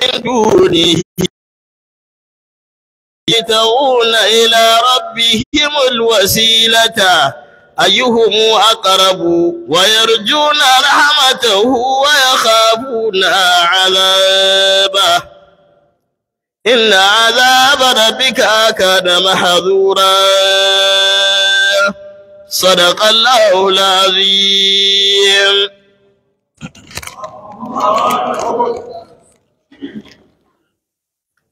دونه يبتغون إلى ربهم الوسيلة أيهم أقرب ويرجون رحمته ويخافون عذابه إن عذاب ربك كان محذورا صدق الله العظيم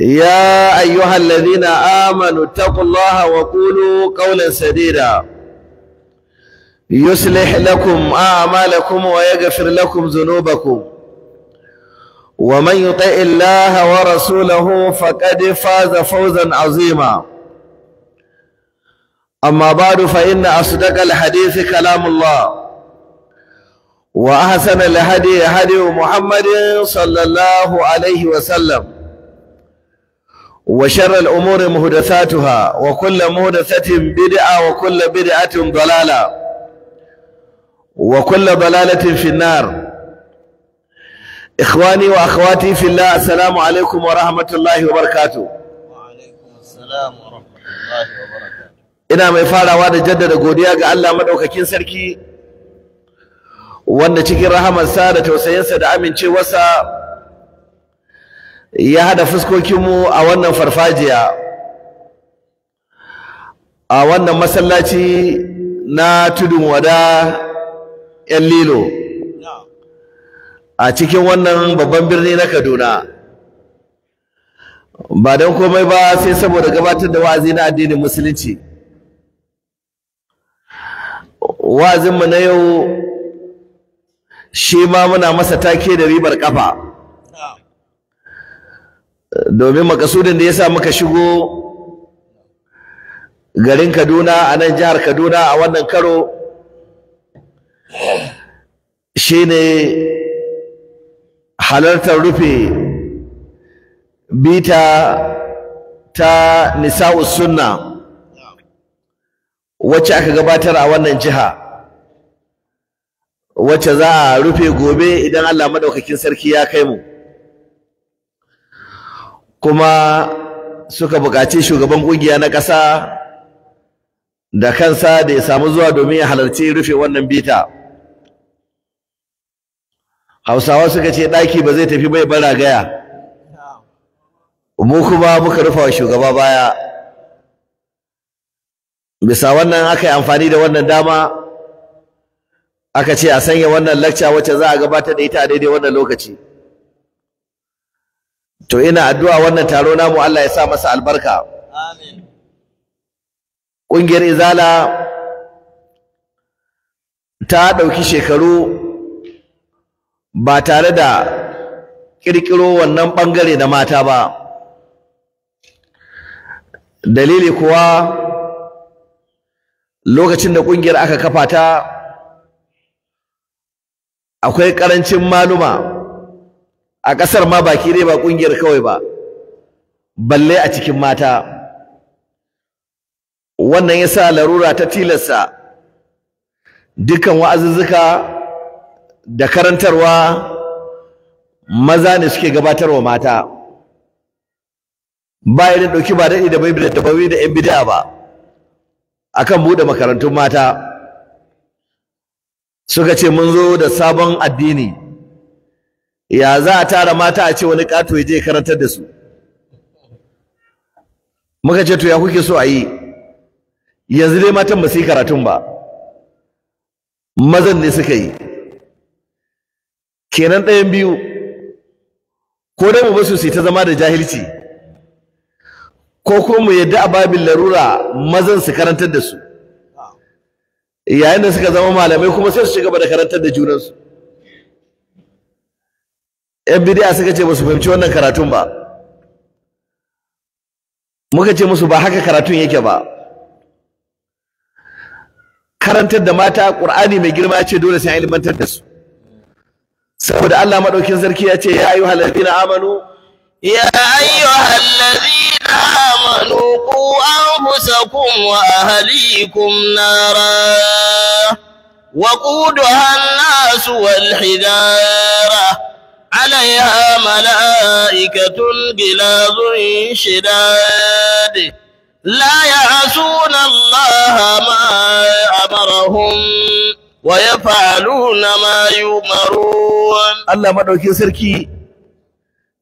يا أيها الذين آمنوا اتقوا الله وقولوا قولا سديدا يصلح لكم أعمالكم ويغفر لكم ذنوبكم ومن يطع الله ورسوله فقد فاز فوزا عظيما أما بعد فإن أصدق الحديث كلام الله وأحسن الهدي هدي محمد صلى الله عليه وسلم وشر الأمور مهدثاتها وكل مهدثة بدعة وكل بدعة ضلالة وكل ضلالة في النار إخواني وأخواتي في الله السلام عليكم ورحمة الله وبركاته وعليكم السلام ورحمة الله وبركاته ina mai farawa da jaddada godiya ga Allah madaukakin sarki wanda cikin rahamarsa da tausayinsa da amincewarsa ya hada fuskokinmu a wannan farfajiya a wannan masallaci na tudun wada ƴan lilo a cikin wannan babban birni na kaduna ba don komai ba sai saboda gabatar da wa'azi na addinin musulunci wa'azinmu na yau shi ma muna masa take da ribar kafa domin makasudin da ya sa muka shigo garin kaduna a nan jihar kaduna a wannan karo shine halartar rufe bita ta nisa'u sunna wacce aka gabatar a wannan jiha wacce za a rufe gobe idan allah maɗaukakin sarki ya kai mu kuma suka buƙaci shugaban ƙungiya na ƙasa da kansa da ya samu zuwa domin ya halarci rufe wannan bita hausawa suka ce ɗaki ba zai tafi bai bara gaya mu kuma muka rufa wa shugaba baya bisa wannan aka yi amfani da wannan dama aka ce a sanya wannan lacca wacce za a gabatar da ita a daidai wannan lokaci to ina addu'a wannan taro namu Allah ya sa masa albarka amin ƙungiyar izala ta ɗauki shekaru ba tare da ƙirƙiro wannan ɓangare da mata ba dalili kuwa lokacin da ƙungiyar aka kafa ta akwai ƙarancin maluma a ƙasar ma baki dai ba ƙungiyar kawai ba balle a cikin mata wannan ya sa larura ta tilasta dukkan wa'azuzzuka da karantarwa maza ne suke gabatarwa mata ba ya ɗauki ba daɗi da bai da bai da ‘yan bida ba akan buɗe makarantun mata suka ce mun zo da sabon addini ya za a tara mata a ce wani ƙato ya je karantar da su muka ce to ya kuke so a yi yanzu dai matan ba su yi karatun ba mazan ne suka yi kenan ɗayan biyu ko dai mu basu su ta zama da jahilci ko kuma mu yadda a babin larura mazan su karantar da su yayin da suka zama malamai kuma sai su ci gaba da karantar da junansu yan bidiya suka ce ba su fahimci wannan karatun ba muka ce musu ba haka karatun yake ba karantar da mata ƙur'ani mai girma ce dole sai an ilmantar da su saboda Allah madaukin sarki ya ce ya ayyuhal ladina amanu ya ayyuhal ladina amanu qu anfusakum wa ahlikum nara wa qudha an nasu wal hidara عليها ملائكة غلاظ شداد لا يعصون الله ما أمرهم ويفعلون ما يؤمرون الله مدوكي سركي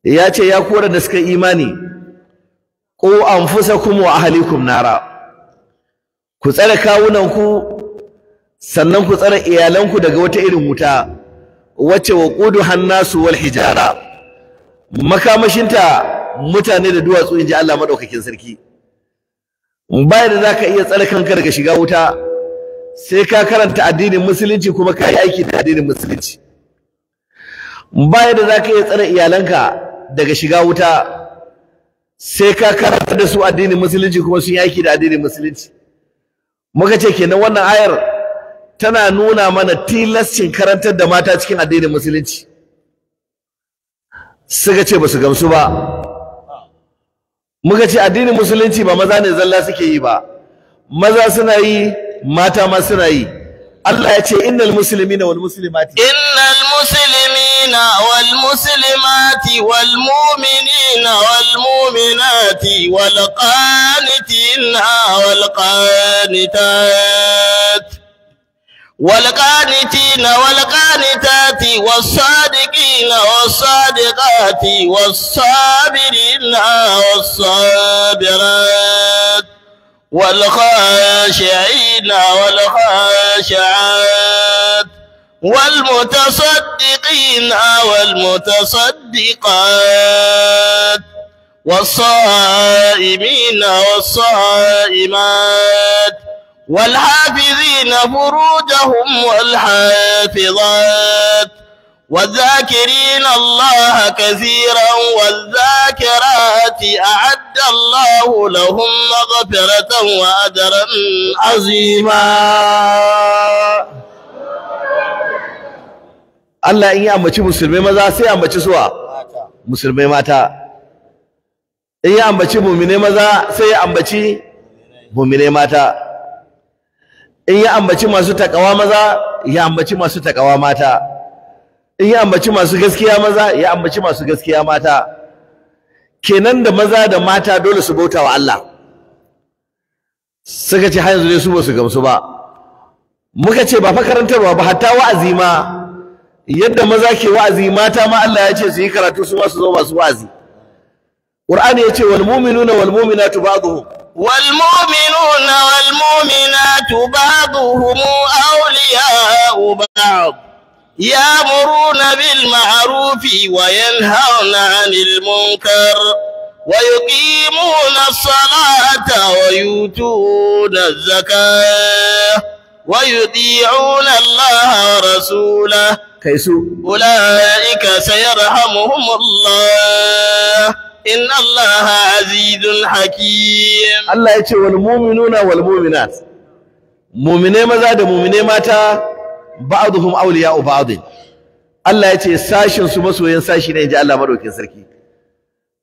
ya ce ya kora da suka imani ko kuma wa ahlikum nara ku tsare kawunanku sannan ku tsare iyalanku daga wata irin wuta wacce Kudu hannasu wal hijara makamashinta mutane da duwatsu inji Allah maɗaukakin sarki bayan da zaka iya tsare kanka daga shiga wuta sai ka karanta addinin musulunci kuma ka yi aiki da addinin musulunci bayan da zaka iya tsare iyalanka daga shiga wuta sai ka karanta da su addinin musulunci kuma sun yi aiki da addinin musulunci muka ce kenan wannan ayar tana nuna mana tilascin karantar da mata cikin addinin musulunci suka ce ba su gamsu ba muka ce addinin musulunci ba maza ne zalla suke yi ba maza suna yi mata ma suna yi Allah ya ce innal muslimina wal muslimati innal muslimina wal muslimati wal mu'minina wal mu'minati wal qanitina wal qanitat والقانتين والقانتات والصادقين والصادقات والصابرين والصابرات والخاشعين والخاشعات والمتصدقين والمتصدقات والصائمين والصائمات والحافظين فروجهم والحافظات والذاكرين الله كثيرا والذاكرات أعد الله لهم مغفرة وأجرا عظيما الله إن يأمتش مسلمين ماذا سيأمتش سوا مسلمين ماتا إن يأمتش مؤمنين ماذا سيأمتش مؤمنين ماتا in ya ambaci masu takawa maza ya ambaci masu takawa mata in ya ambaci masu gaskiya maza ya ambaci masu gaskiya mata kenan da maza da mata dole su bauta wa Allah suka ce har yanzu dai su ba su gamsu ba muka ce ba fa karantarwa ba hatta wa'azi ma yadda maza ke wa'azi mata ma Allah ya ce su yi karatu su ma su zo masu wa'azi Qur'ani ya ce wal mu'minuna wal mu'minatu ba'dhum والمؤمنون والمؤمنات بعضهم أولياء بعض يأمرون بالمعروف وينهون عن المنكر ويقيمون الصلاة ويؤتون الزكاة ويطيعون الله ورسوله أولئك سيرحمهم الله inna Allah azizun hakim Allah ya ce wal mu'minuna wal mu'minat mu'mine maza da mu'mine mata ba'duhum awliya'u ba'd Allah ya ce sashin su masoyan sashi ne inji Allah madaukin sarki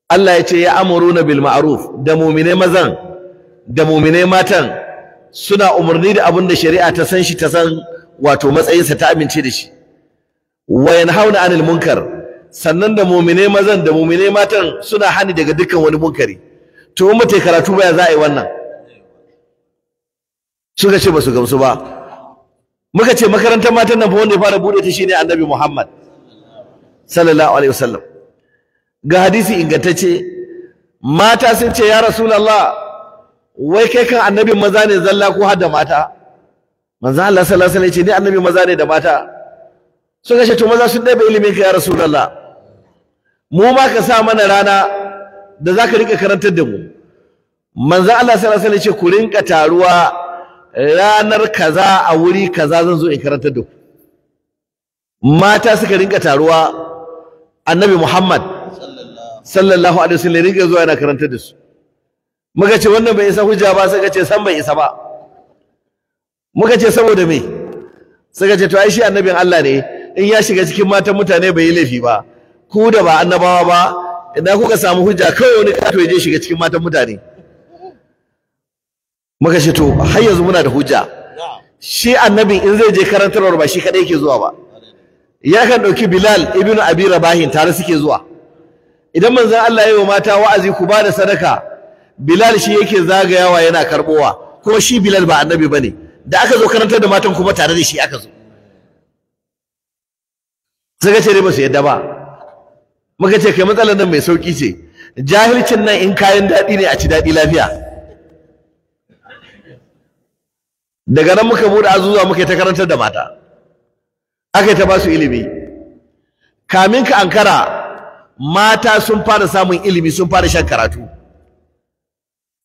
Allah ya ce ya amuruna bil ma'ruf da mu'mine mazan da mu'mine matan suna umarni da abin da shari'a ta san shi ta san wato matsayinsa ta amince da shi wa yanhauna anil munkar sannan da muminai mazan da muminai matan suna hani daga dukkan wani munkari to in mutai karatu baya za a yi wannan suka ce ba su gamsu ba muka ce makarantar matan nan fa wanda ya fara bude ta shine annabi Muhammad sallallahu alaihi wasallam ga hadisi ingantacce mata sun ce ya rasulullah wai kai kan annabin maza ne zalla ko har da mata manzo Allah sallallahu alaihi wasallam ya ce ni annabi maza ne da mata suka ce to maza sun ɗaya ilimin ka ya rasulullah mu ma ka sa mana rana da za ka rika karantar da mu manzo Allah sallallahu alaihi wasallam ya ce ku rinka taruwa ranar kaza a wuri kaza zan zo in karantar da ku mata suka rinka taruwa annabi Muhammad sallallahu alaihi wasallam rinka zuwa yana karantar da su muka ce wannan bai isa hujja ba suka ce san bai isa ba muka ce saboda me suka ce to ai shi annabin Allah ne in ya shiga cikin matan mutane bai yi laifi ba ku da ba annabawa ba idan kuka samu hujja kawai wani kato ya je shiga cikin matan mutane muka ce to har yanzu muna da hujja shi annabin in zai je karantarwar ba shi kadai yake zuwa ba ya kan dauki Bilal ibn Abi Rabahin tare suke zuwa idan manzon Allah ya yi wa mata wa'azi ku ba da sadaka Bilal shi yake zagayawa yana karbowa kuma shi Bilal ba annabi bane da aka zo karantar da matan kuma tare da shi aka zo suka ce ba su yadda ba muka ce kai matsalar nan mai sauki ce jahilcin nan in kayan daɗi ne a ci daɗi lafiya daga nan muka buɗe azuzuwa muka ta karantar da mata aka yi ta ba su ilimi kamin ka ankara mata sun fara samun ilimi sun fara shan karatu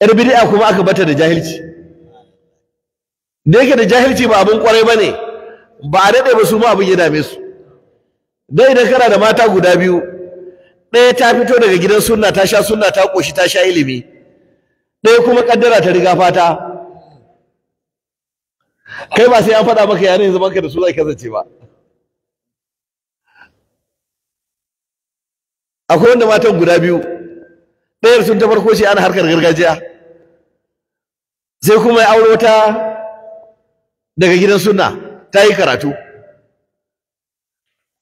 yar bid'a kuma aka bata da jahilci da yake da jahilci ba abin kwarai ba ne ba a daɗe ba su ma abin ya dame su dai idan kana da mata guda biyu ɗaya ta fito daga gidan sunna ta sha sunna ta ƙoshi ta sha ilimi ɗaya kuma ƙaddara ta riga fata kai ba sai an faɗa maka yare yanzu zamanka da su zai kasance ba akwai wanda matan guda biyu ɗayar sun ta farko ce ana harkar gargajiya sai kuma ya auro ta daga gidan sunna ta yi karatu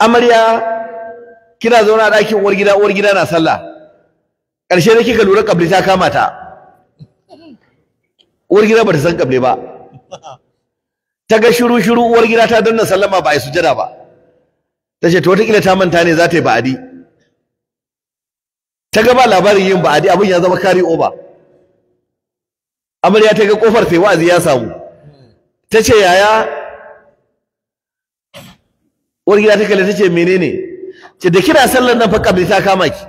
amarya kina zaune a ɗakin uwar gida uwar gida na sallah ƙarshe da kika lura ƙabli ta kama ta uwar gida ba ta san ƙabli ba ta ga shiru shiru uwar gida ta danna sallama ba a yi sujada ba ta ce to wataƙila ta manta ne za ta yi ba'adi ta ga ba labarin yin ba'adi abin ya zama kari oba amarya ta ga kofar yi wa'azi ya samu ta ce yaya uwar gida ta kalle ta ce menene ce da kira sallar nan fa kabli ta kama ki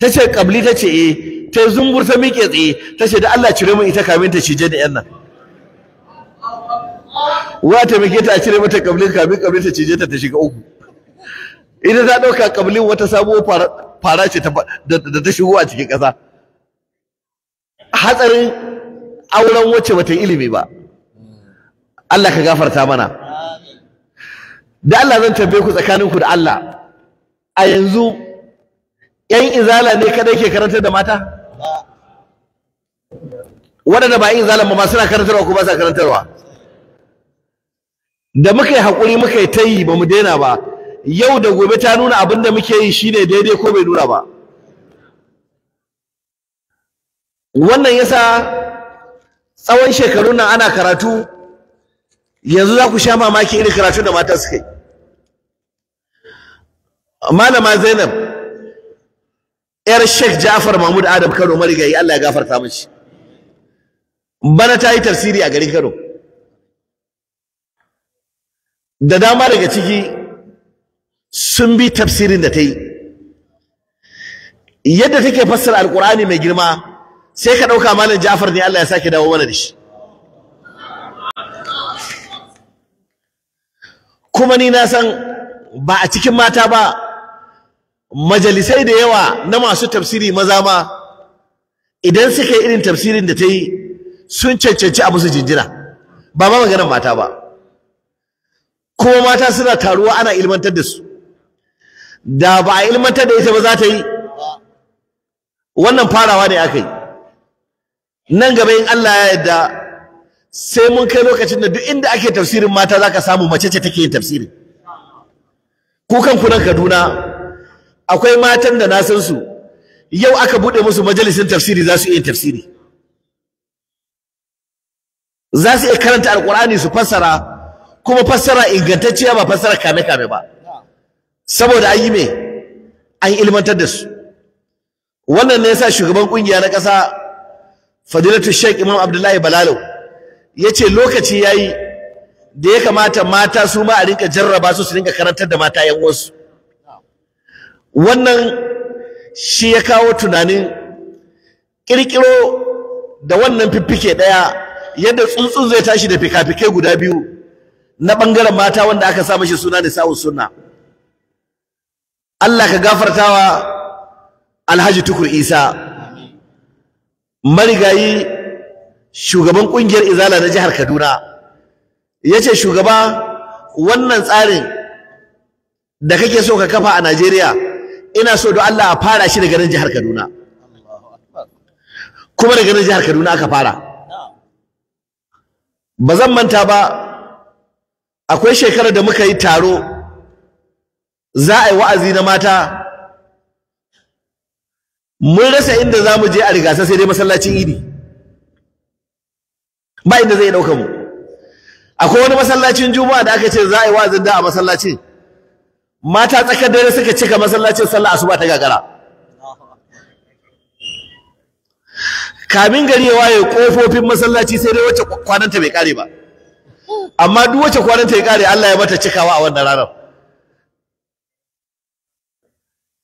ta ce kabli ta ce eh ta zumbur ta miƙe tsaye ta ce da Allah cire mu ita kamin ta cije da yan nan wa ta miƙe ta cire mata kabli kamin kabli ta cije ta ta shiga uku Idan ta ɗauka kablin wata sabuwar fara ce da ta shigo a cikin ƙasa hatsarin auren wacce bata ilimi ba Allah ka gafarta mana da Allah zan tambaye ku tsakaninku da Allah a yanzu yan izala ne kadai ke karantar da mata waɗanda ba yin izala ba suna karantarwa ko ba sa karantarwa da muka yi haƙuri muka yi ta yi ba mu daina ba yau da gobe ta nuna abin da muke yi ne daidai ko bai nuna ba wannan yasa tsawon shekarun nan ana karatu yanzu za ku sha mamaki irin karatu da mata suka yi malama Zainab yar Sheikh Ja'far Mahmud Adam Kano marigayi Allah ya gafarta mishi bana ta yi tafsiri a garin Kano da dama daga ciki sun bi tafsirin da ta yi yadda take fassara alkur'ani mai girma sai ka ɗauka malam ja'far ne Allah ya sake dawo mana da shi kuma ni na san ba a cikin mata ba majalisai da yawa na masu tafsiri maza ma idan suka yi irin tafsirin da ta yi sun cancanci a musu jinjina ba ma maganar mata ba kuma mata suna taruwa ana ilmantar da su da ba a ilmantar da ita ba za ta yi wannan farawa ne aka yi nan gaba in Allah ya yadda sai mun kai lokacin da duk inda ake tafsirin mata za ka samu mace ce take yin tafsirin ku kan kunan Kaduna akwai matan da na san su yau aka bude musu majalisin tafsiri za su iya tafsiri za su iya karanta alqur'ani su fassara kuma fassara ingantacciya ba fassara kame-kame ba saboda an yi me an ilmantar da su wannan ne yasa shugaban kungiya na ƙasa fadilatu sheikh imam abdullahi balalo ya ce lokaci yayi da ya kamata mata su ma a rinka jarraba su su rinka karantar da mata yan wasu wannan shi ya kawo tunanin ƙirƙiro da wannan fiffike ɗaya yadda tsuntsun zai tashi da fikafikai guda biyu na ɓangaren mata wanda aka sa mashi suna da sawun sunna Allah ka gafartawa Alhaji Tukur Isa marigayi shugaban ƙungiyar Izala na jihar Kaduna ya ce shugaba wannan tsarin da kake so ka kafa a Najeriya ina so da Allah a fara shi daga nan jihar Kaduna kuma daga nan jihar Kaduna aka fara ba zan manta ba akwai shekarar da muka yi taro za a yi wa'azi na mata mun rasa inda za mu je a rigasa sai dai masallacin idi ba inda zai ɗauka mu akwai wani masallacin juma'a da aka ce za a yi wa'azin da a masallacin mata tsakar dare suka cika masallacin sallah asuba ta gagara kamin gari ya waye kofofin masallaci sai dai wacce kwananta bai kare ba amma duk wacce kwananta ya kare Allah ya mata cikawa a wannan ranar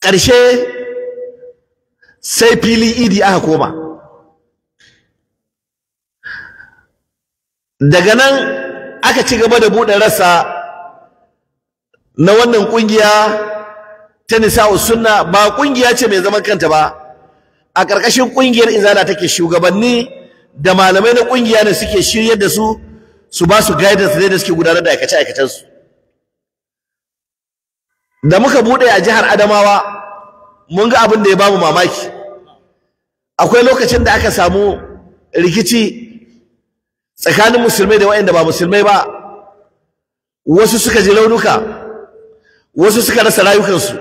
Karshe sai fili idi aka koma daga nan aka ci gaba da buɗe rassa na wannan kungiya ta nisa'u sunna ba kungiya ce mai zaman kanta ba a ƙarƙashin kungiyar izala take shugabanni da malamai na kungiya ne suke shiryar da su su ba su guidance ne da suke gudanar da aikace aikacen da muka bude a jihar Adamawa mun ga abin da ya bamu mamaki akwai lokacin da aka samu rikici tsakanin musulmai da waɗanda ba musulmai ba wasu suka ji launuka wasu suka rasa rayukansu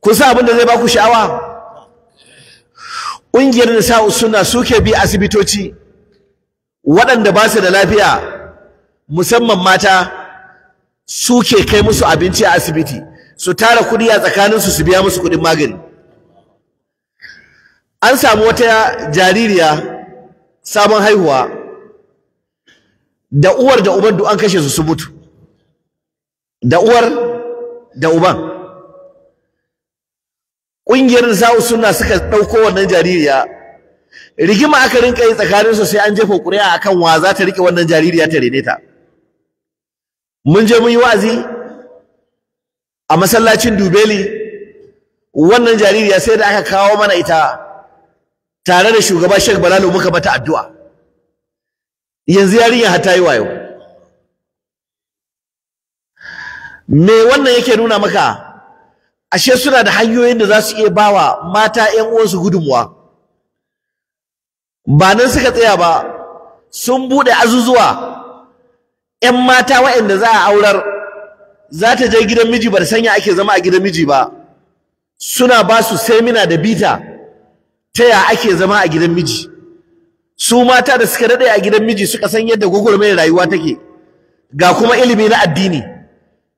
kun sa abin da zai baku sha'awa ƙungiyar nisa'u suna suke bi asibitoci waɗanda ba su da lafiya musamman mata suke kai musu abinci a asibiti su tara kuɗi a tsakaninsu su biya musu kuɗin magani an samu wata jaririya sabon haihuwa da uwar da uban duk an kashe su su mutu da uwar da uban ƙungiyar sa'u suna suka ɗauko wannan jaririya rigima aka rinka yi tsakanin su sai an jefa ƙuri'a akan wa za ta riƙe wannan jaririya ta rene ta mun je mun yi wa'azi a masallacin dubeli wannan jaririya sai da aka kawo mana ita tare da shugaba shek Balalo muka mata addu'a yanzu yarinya har ta yi wayo me wannan yake nuna maka ashe suna da hanyoyin da za su iya bawa mata ƴan uwansu gudunmuwa ba nan suka tsaya ba sun buɗe azuzuwa ƴan mata waɗanda za a aurar za ta je gidan miji ba da sanya ake zama a gidan miji ba suna ba su semina da bita ta ya ake zama a gidan miji su mata da suka daɗe a gidan miji suka san yadda gwagwarmayar rayuwa take ga kuma ilimi na addini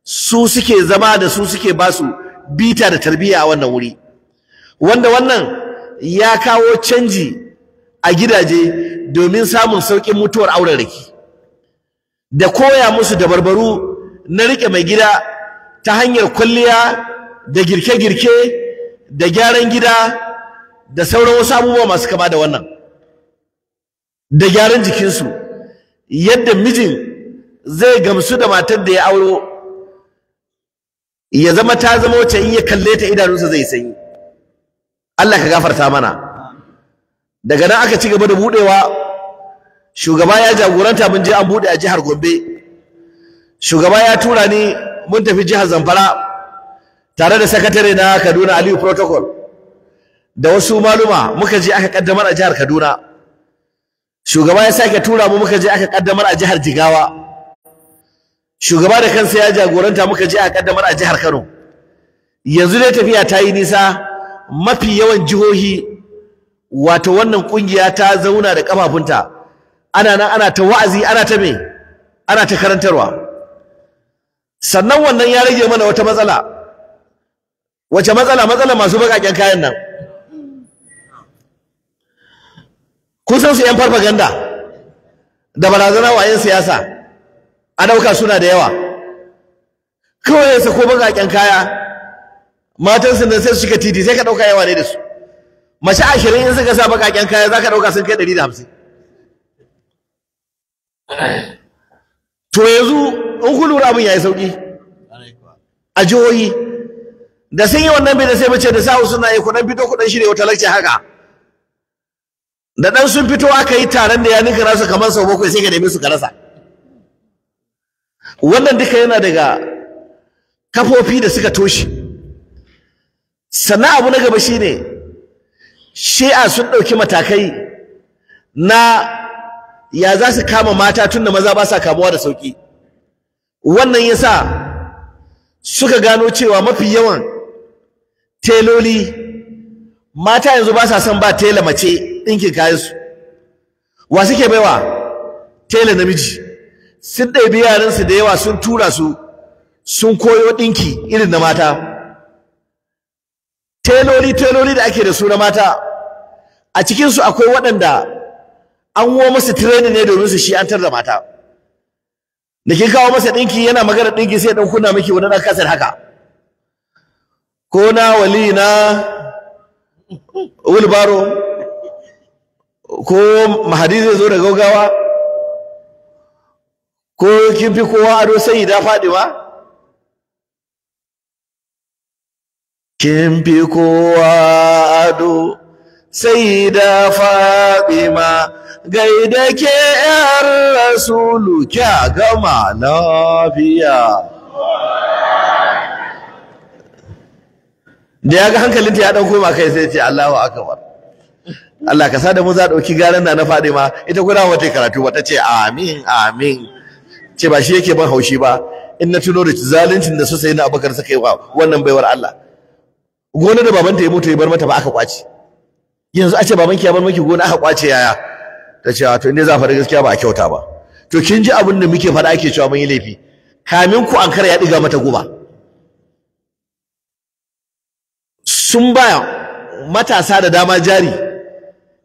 su suke zama da su suke ba su bita da tarbiyya a wannan wuri wanda wannan ya kawo canji a gidaje domin samun sauƙin mutuwar auren riki da koya musu dabarbaru na riƙe mai gida ta hanyar kwalliya da girke-girke da gyaran gida da sauran wasu abubuwa masu kama da wannan da gyaran jikinsu yadda mijin zai gamsu da matar da ya auro ya zama ta zama wacce in ya kalle ta idanunsa zai sanyi Allah ka gafarta mana daga nan aka ci gaba da budewa shugaba ya jagoranta mun je an bude a jihar Gombe shugaba ya tura ni mun tafi jihar Zamfara tare da sakatare na Kaduna Aliyu protocol da wasu maluma muka je aka kaddamar a jihar Kaduna shugaba ya sake tura mu muka je aka kaddamar a jihar Jigawa shugaba da kansa ya jagoranta muka je a kaddamar a jihar Kano yanzu dai tafiya ta yi nisa mafi yawan jihohi wato wannan kungiya ta zauna da kafafunta ana nan ana ta wa'azi ana ta me ana ta karantarwa sannan wannan ya rage mana wata matsala wace matsala matsala masu baƙaƙen kayan nan Kusan su 'yan farfaganda da barazana wayan siyasa a ɗauka suna da yawa kawai ya sako baƙaƙen kaya matansu da sai su shiga titi sai ka ɗauka yawa ne da su mace ashirin in suka sa baƙaƙen kaya za ka ɗauka sun kai ɗari da hamsin to yanzu in ku lura abin ya yi sauƙi a jihohi da sun yi wannan bai da sai mace da sa'u suna yi kuɗan fito kuɗan shirya wata lacce haka da ɗan sun fito aka yi taron da ya ninka rasa kamar sau bakwai sai ka nemi su ka rasa wannan duka yana daga kafofi da suka toshe sannan abu na gaba shine shi'a sun ɗauki matakai na ya za su kama mata tunda maza ba sa kamuwa da sauƙi wannan yasa suka gano cewa mafi yawan teloli mata yanzu ba sa son ba tela mace ɗinkin kayansu wa suke baiwa tela namiji sun ɗabi yaransu da yawa sun tura su sun koyo ɗinki irin na mata teloli teloli da ake da su na mata a cikinsu akwai waɗanda an wo masu training ne domin su shi an da mata da kin kawo masa ɗinki yana magana ɗinki sai ɗan kunna miki wani ɗan kasar haka ko na wali na wilbaro ko mahadi zai zo da gaugawa ko kin fi kowa ado sai da fadima kin fi kowa ado sai da fadima gaida ke yar rasulu kya gama lafiya da ya ga hankalinta ya dan koma kai sai ce Allahu akbar Allah ka sa da mu za dauki garan da na ma ita kuna wata karatu wata ce amin amin ce ba shi yake ban haushi ba in na tuno da zaluncin da su sai na abakar suka yi wa wannan baiwar Allah gona da babanta ya mutu ya bar mata ba aka kwace yanzu a ce babanki ya bar maki gona aka kwace yaya ta ce to inda za fara gaskiya ba a kyauta ba to kin ji abin da muke faɗa ake cewa mun yi laifi kamin ku ankara ya diga mata guba sun baya matasa da dama jari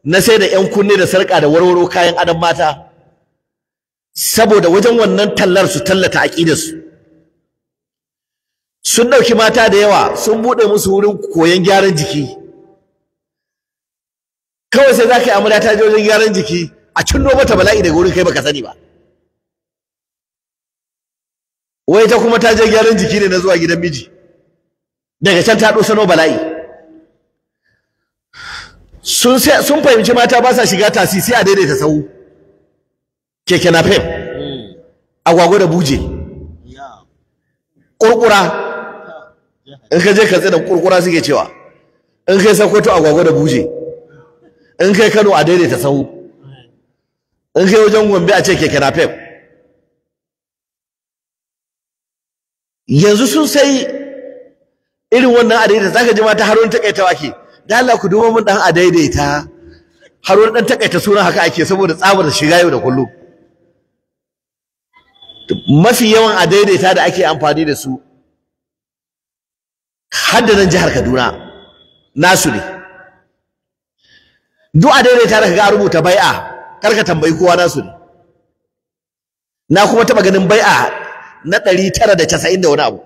na sai da yan kunne da sarka da warwaro kayan adam mata saboda wajen wannan tallar su tallata su. sun ɗauki mata da yawa sun buɗe musu wurin koyon gyaran jiki kawai sai za ka yi amarya ta je wajen gyaran jiki a cinno mata bala'i daga wurin kai baka sani ba wai ta kuma ta je gyaran jiki ne na zuwa gidan miji daga can ta ɗosano bala'i sun fahimci mata ba sa shiga tasi sai a daidaita sahu keke napep hmm. agwagwa da buje kurkura in ka je ka tsada kurkura suke cewa in kai sakwato agwagwa da buje in kai kano a daidaita sahu in kai wajen gombe a ce keke napep yanzu sun sai irin wannan a daidaita ka ji ma ta haron takaitawa ke da Allah ku duba mun dan a daidaita haron dan takaita sunan haka ake saboda tsabar shiga yau da kullum mafi yawan a daidaita da ake amfani da su haddadan jihar Kaduna nasu ne duk a daidaita da kaga rubuta bai'a karka tambayi kowa nasu ne na kuma taba ganin bai'a na ɗari tara da casa'in da wani abu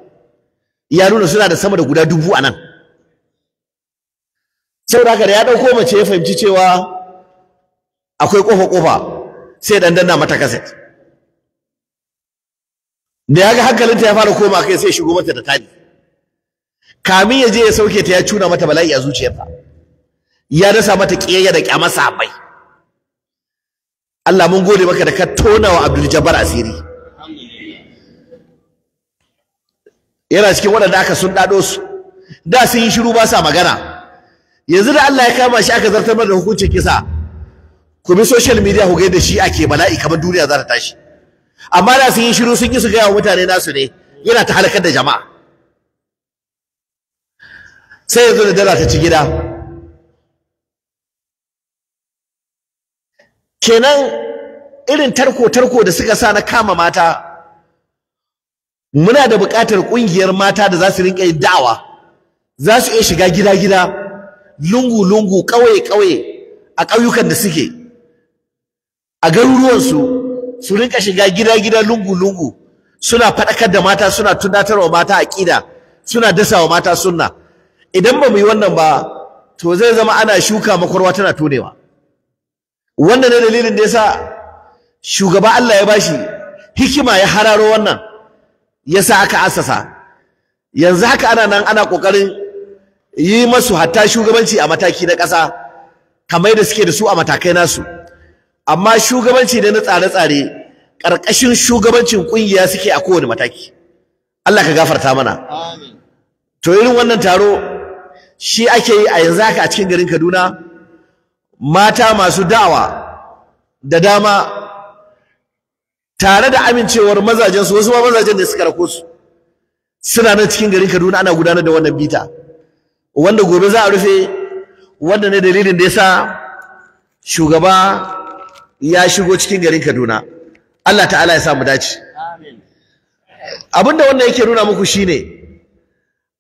ya nuna suna da sama da guda dubu a nan sau da ya ɗauko mace ya fahimci cewa akwai ƙofa-ƙofa sai ɗan danna mata kaset da ya ga hankalinta ya fara koma kai sai shigo mata da tani kamin ya je ya sauke ta ya cuna mata bala'i a zuciyarta ya dasa mata kiyayya da kyamar sahabbai Allah mun gode maka da ka tona wa Abdul Jabbar asiri yana cikin waɗanda aka sun dado su da sun yi shiru ba sa magana yanzu da Allah ya kama shi aka zartar da hukuncin kisa ku bi social media ku da shi ake bala'i kamar duniya za ta tashi amma da sun yi shiru sun yi su gaya wa mutane nasu ne yana ta halakar da jama'a sai yanzu da dala ta ci gida kenan irin tarko-tarko da suka sa na kama mata muna da buƙatar ƙungiyar mata da za su rinƙa yin da'awa za su iya shiga gida-gida lungu-lungu ƙauye-ƙauye a ƙauyukan da suke a garuruwansu su rinka shiga gida-gida lungu-lungu suna faɗakar da mata suna tunatar wa mata aƙida suna dasa wa mata sunna idan ba mu yi wannan ba to zai zama ana shuka makwarwa tana tonewa wannan ne dalilin da yasa shugaba Allah ya bashi hikima ya hararo wannan ya sa aka asasa yanzu haka ana nan ana kokarin yi masu hatta shugabanci a mataki na ƙasa kamar da suke da su a matakai nasu amma shugabanci da na tsare-tsare ƙarƙashin shugabancin ƙungiya suke a kowane mataki Allah ka gafarta mana to irin wannan taro shi ake yi a yanzu haka a cikin garin Kaduna mata masu da'awa da dama tare da amincewar mazajensu wasu ma mazajen da suka rako su suna nan cikin garin Kaduna ana gudanar da wannan bita wanda gobe za a rufe wanda ne dalilin da yasa shugaba ya shigo cikin garin Kaduna Allah ta'ala ya sa mu dace abinda wanda yake nuna muku shine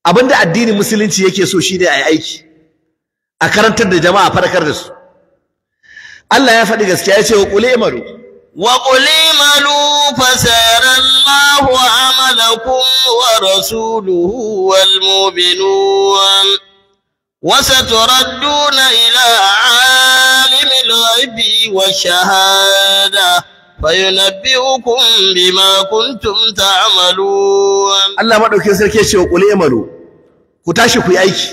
abinda addinin musulunci yake so shine ayi aiki a karantar da jama'a farkar da su Allah ya faɗi gaskiya ya ce wa qul imaru wa qul imaru fasarallahu amalakum wa rasuluhu wal mu'minun wa إلى الغيب والشهادة فينبئكم بما كنتم تعملون الله ما دوكين سركي شو قل اعملوا ku tashi ku yi aiki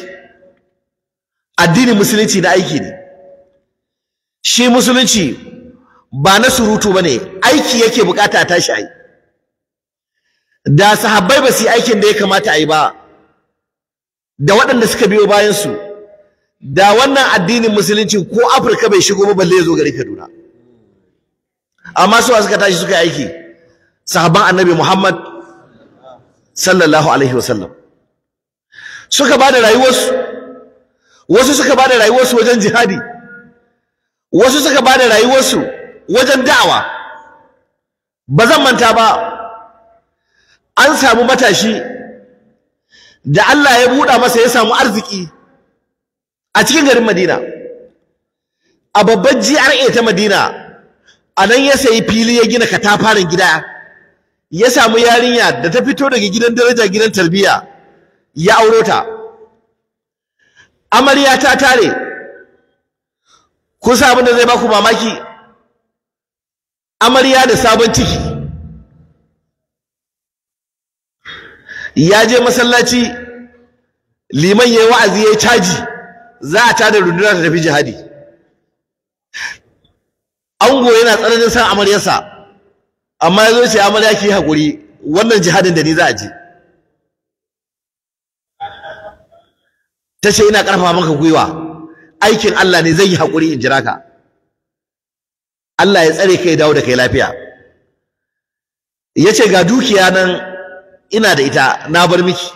addinin musulunci na aiki ne shi musulunci ba na surutu bane aiki yake bukata a tashi ai da sahabbai ba su yi aikin da ya kamata a yi ba da waɗanda suka biyo bayan su da wannan addinin musulunci ko afirka bai shigo ba balle zo gari kaduna amma su suka tashi suka yi aiki sahaban annabi muhammad sallallahu alaihi wasallam suka ba da rayuwarsu wasu suka ba da rayuwarsu wajen jihadi wasu suka ba da rayuwarsu wajen da'awa ba zan manta ba an samu matashi da Allah ya buɗa masa ya samu arziki a cikin garin madina a babbar GRA ta madina a nan ya sayi fili ya gina katafaren gida ya samu yarinya da ta fito daga gidan daraja gidan tarbiyya ya auro ta amarya ta tare kun san da zai baku mamaki amarya da sabon ciki ya je masallaci liman ya yi wa'azi ya yi caji za a tada rundunar ta tafi jihadi ango yana tsananin san amaryarsa amma ya zo ce amarya ki haƙuri wannan jihadin da ni za a je ta ce ina ƙarfafa maka gwiwa aikin Allah ne zai yi haƙuri in jira ka Allah ya tsare kai dawo da kai lafiya ya ce ga dukiya nan ina da ita na bar miki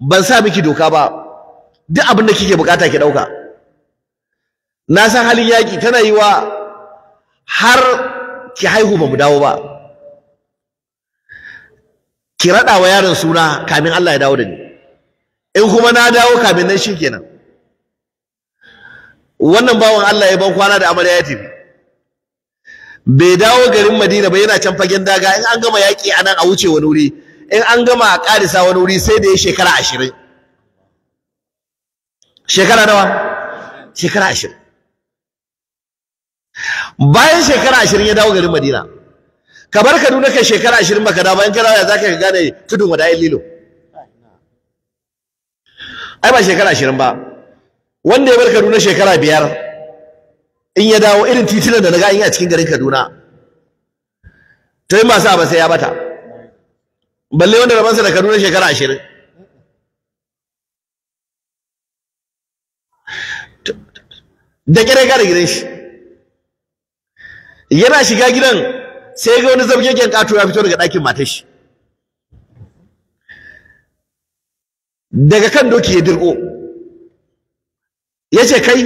ban sa miki doka ba duk abin da kike bukata ki dauka na san halin yaki tana yi wa har ki haihu ba mu dawo ba ki raɗawa wa yaron suna kamin Allah ya dawo da ni in kuma na dawo kamin nan shi kenan wannan bawan Allah ya ban kwana da amarya ya tafi bai dawo garin Madina ba yana can fagen daga in an gama yaƙi a nan a wuce wani wuri in an gama a ƙarisa wani wuri sai da ya shekara ashirin shekara nawa shekara ashirin bayan shekara ashirin ya dawo garin madina ka bar kaduna kai shekara ashirin baka dawo bayan kana za ka gane tudun wadayen lilo ai ba shekara ashirin ba wanda ya bar kaduna shekara biyar in ya dawo irin titunan da na ga'in in a cikin garin kaduna ta yi masu abasa ya bata balle wanda rabansa da kaduna shekara ashirin da kire gara gidan shi yana shiga gidan sai ga wani zabgegen kato ya fito daga ɗakin matar shi daga kan doki ya dirko ya kai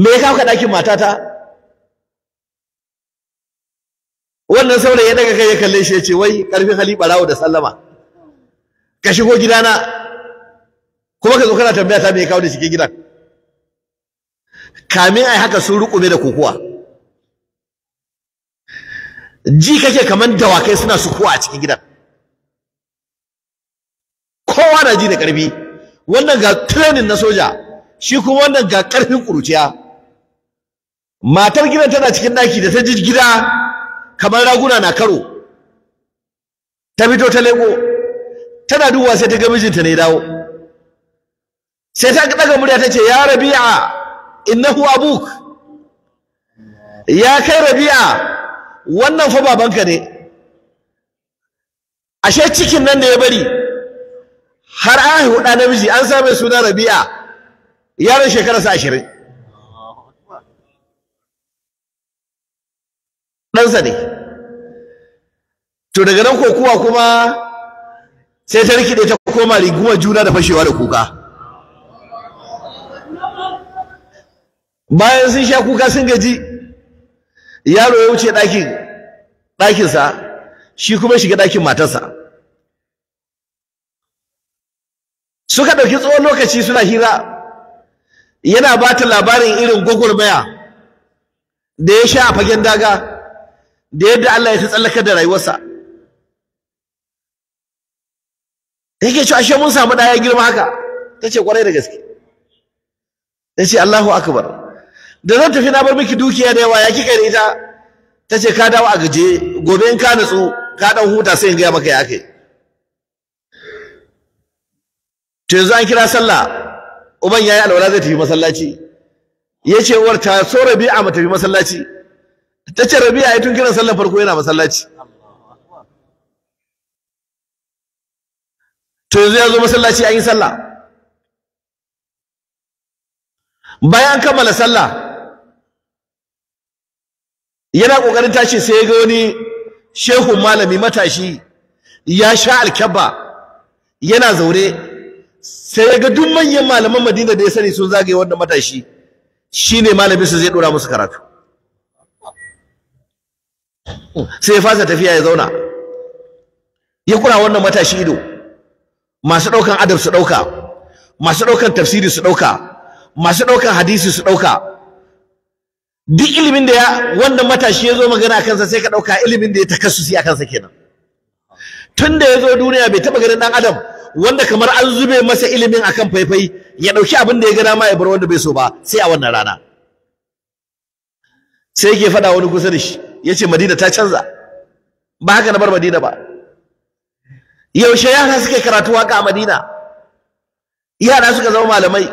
me ya kawo ka ɗakin matata wannan saurayi ya daga kai ya kalle shi ya ce wai karfin hali barawo da sallama ka shigo gidana kuma ka zo kana tambaya ta me ya kawo da shige gidan kamin ai haka sun rukume da kokowa ji kake kaman dawakai suna sukuwa a cikin gidan kowa na ji da karfi wannan ga training na soja shi kuma wannan ga karfin kuruciya matar gidan tana cikin daki da ta ji gida kamar raguna na karo ta fito ta leko tana duwa sai ta ga mijinta ne dawo sai ta daga murya ta ce ya rabi'a innahu abuk ya kai rabi'a wannan fa babanka ne ashe cikin nan da ya bari har an haihu ɗa namiji an sa mai suna rabi'a yaron shekararsa ashirin ɗansa ne to daga nan kokuwa kuma sai ta rikide ta koma riguma juna da fashewa da kuka bayan sun sha kuka sun gaji yaro ya wuce ɗakin ɗakinsa shi kuma shiga ɗakin matarsa suka ɗauki tsohon lokaci suna hira yana ba ta labarin irin gwagwarmaya da ya sha a fagen daga da yadda Allah ya ta tsallaka da rayuwarsa yake cewa ashe mun samu ɗaya girma haka ta ce kwarai da gaske ta ce Allahu akbar da zan tafi na bar miki dukiya da yawa ya kika da ita ta ce ka dawo a gaje gobe in ka nutsu ka dan huta sai in gaya maka ya kai to yanzu an kira sallah uban yayi alwala zai tafi masallaci ya ce uwar ta so rabi'a mu tafi masallaci ta ce rabi'a ai tun kiran Sallah farko yana masallaci to yanzu ya zo masallaci an yi sallah bayan kammala sallah yana kokarin tashi sai ya ga wani shehun malami matashi ya sha alkaba yana zaure sai ya ga duk manyan malaman Madina da ya sani sun zagaye wannan matashi shine malamin su zai dora musu karatu sai ya fasa tafiya ya zauna ya kura wannan matashi ido masu daukan adab su dauka masu daukan tafsiri su dauka masu daukan hadisi su dauka duk ilimin da ya wannan matashi ya zo magana kansa sai ka ɗauka ilimin da ya takassusi a kansa kenan tun da ya zo duniya bai taɓa ganin ɗan adam wanda kamar an zube masa ilimin akan faifai ya ɗauki abin da ya ga ma ya bar wanda bai so ba sai a wannan rana sai yake faɗa wani kusa da shi ya ce madina ta canza ba haka na bar madina ba yaushe yara suke karatu haka a madina yara suka zama malamai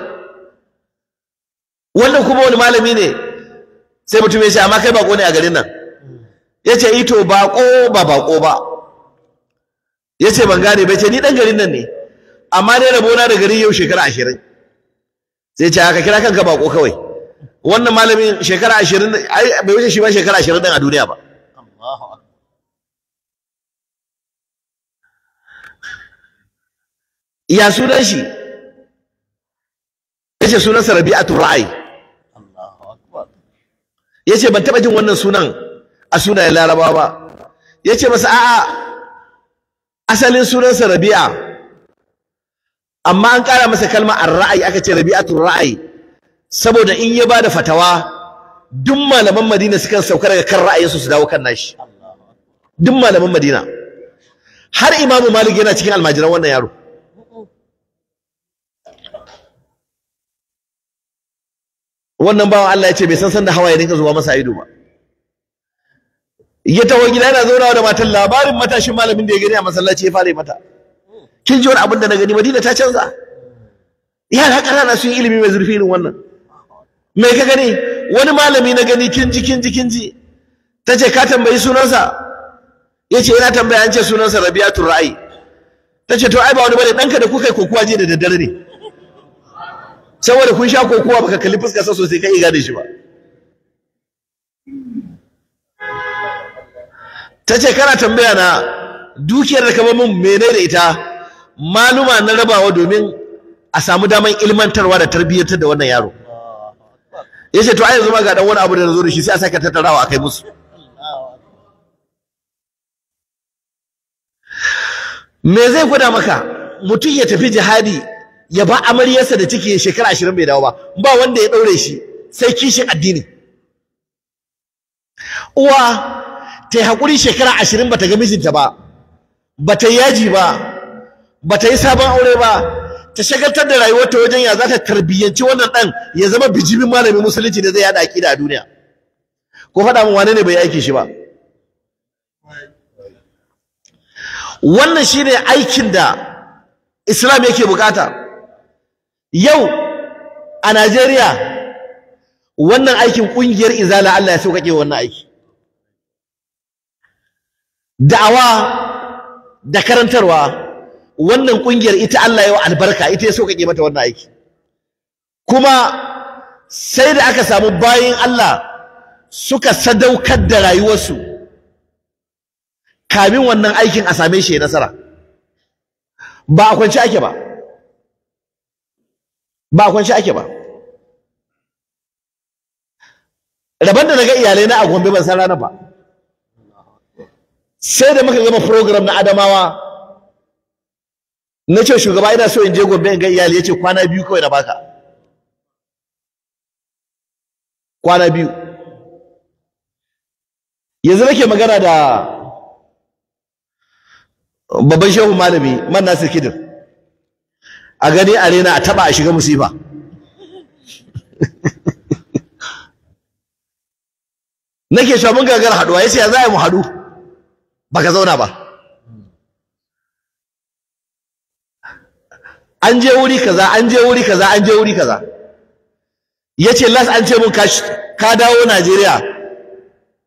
wannan kuma wani malami ne sai mutum ya ce amma kai bako ne a garin nan ya ce ito eh bako ba bako ba ya ce ban gane ba ce ni dan garin nan ne amma dai na da gari yau shekara ashirin sai ce aka kira kanka bako kawai wannan malamin shekara ashirin bai wuce shi ba shekara ashirin din a duniya ba ya sunan shi ya ce sunansa rabi'atu ra'ayi yace ban taba jin wannan sunan a sunayen Laraba ba yace masa a'a asalin sunansa Rabi'a amma an kara masa kalma ar-ra'ayi aka ce Rabi'atul ra'ayi saboda in ya bada fatawa duk malaman Madina sukan sauka daga kan ra'ayinsu su dawo kan nashi duk malaman Madina har Imamu Malik yana cikin almajiran wannan yaro wannan bawan Allah ya ce bai san san da hawaye dinka zuba masa ido ba ya tawo gida yana zaunawa da matan labarin matashin malamin da ya gani a masallaci ya fara mata kin ji wani abin da na gani Madina ta canza yara na sun yi ilimi mai zurfi irin wannan me ka gani wani malami na gani kin ji kin ji kin ji ta ce ka tambayi sunansa ya ce ina tambaya an ce sunansa rabiatul ra'i ta ce to ai ba wani bane ɗanka da kuka yi kokuwa jiya da daddare ne saboda kun sha kokowa baka kalli fuskar sa sosai kai gane shi ba tace kana tambaya na dukiyar da ka ba mun mene da ita maluma na rabawa domin a samu daman ilmantarwa da tarbiyyar da wannan yaro yace to ai yanzu ma ga dan wani abu da zo da shi sai a sake tattarawa akai musu me zai gwada maka mutum ya tafi jihadi ya ba amaryarsa da ciki shekara ashirin bai dawo ba ba wanda ya ɗaure shi sai kishin addini uwa ta yi haƙuri shekara ashirin ba ta ga mijinta ba ta yi yaji ba ta yi sabon aure ba ta shagaltar da rayuwarta wajen ya za ta tarbiyyanci wannan ɗan ya zama bijimin malamin musulunci da zai yaɗa aƙida a duniya ko faɗa min wane ne bai aiki shi ba wannan shine aikin da islam yake bukata yau a Najeriya wannan aikin ƙungiyar izala Allah ya sauƙaƙe wannan aiki da'awa da karantarwa wannan ƙungiyar ita Allah ya albarka ita ya sauƙaƙe mata wannan aiki kuma sai da aka samu bayan Allah suka sadaukar da rayuwarsu kamin wannan aikin a same shi ya nasara ba a kwance ake ba ba kwanci ake ba Rabar da daga iyalai na a gombe ban san ranar ba sai da muka gama program na adamawa na ce shugaba ina so in je gombe in ga iyali ya ce kwana biyu kawai na baka kwana biyu yanzu nake magana da babban shehu malami man nasir kidir a gani a rena a taba a shiga musifa nake cewa mun gagar haduwa yace ya za mu hadu baka zauna ba an je wuri kaza an je wuri kaza an je wuri kaza yace las an ce mun ka dawo Najeriya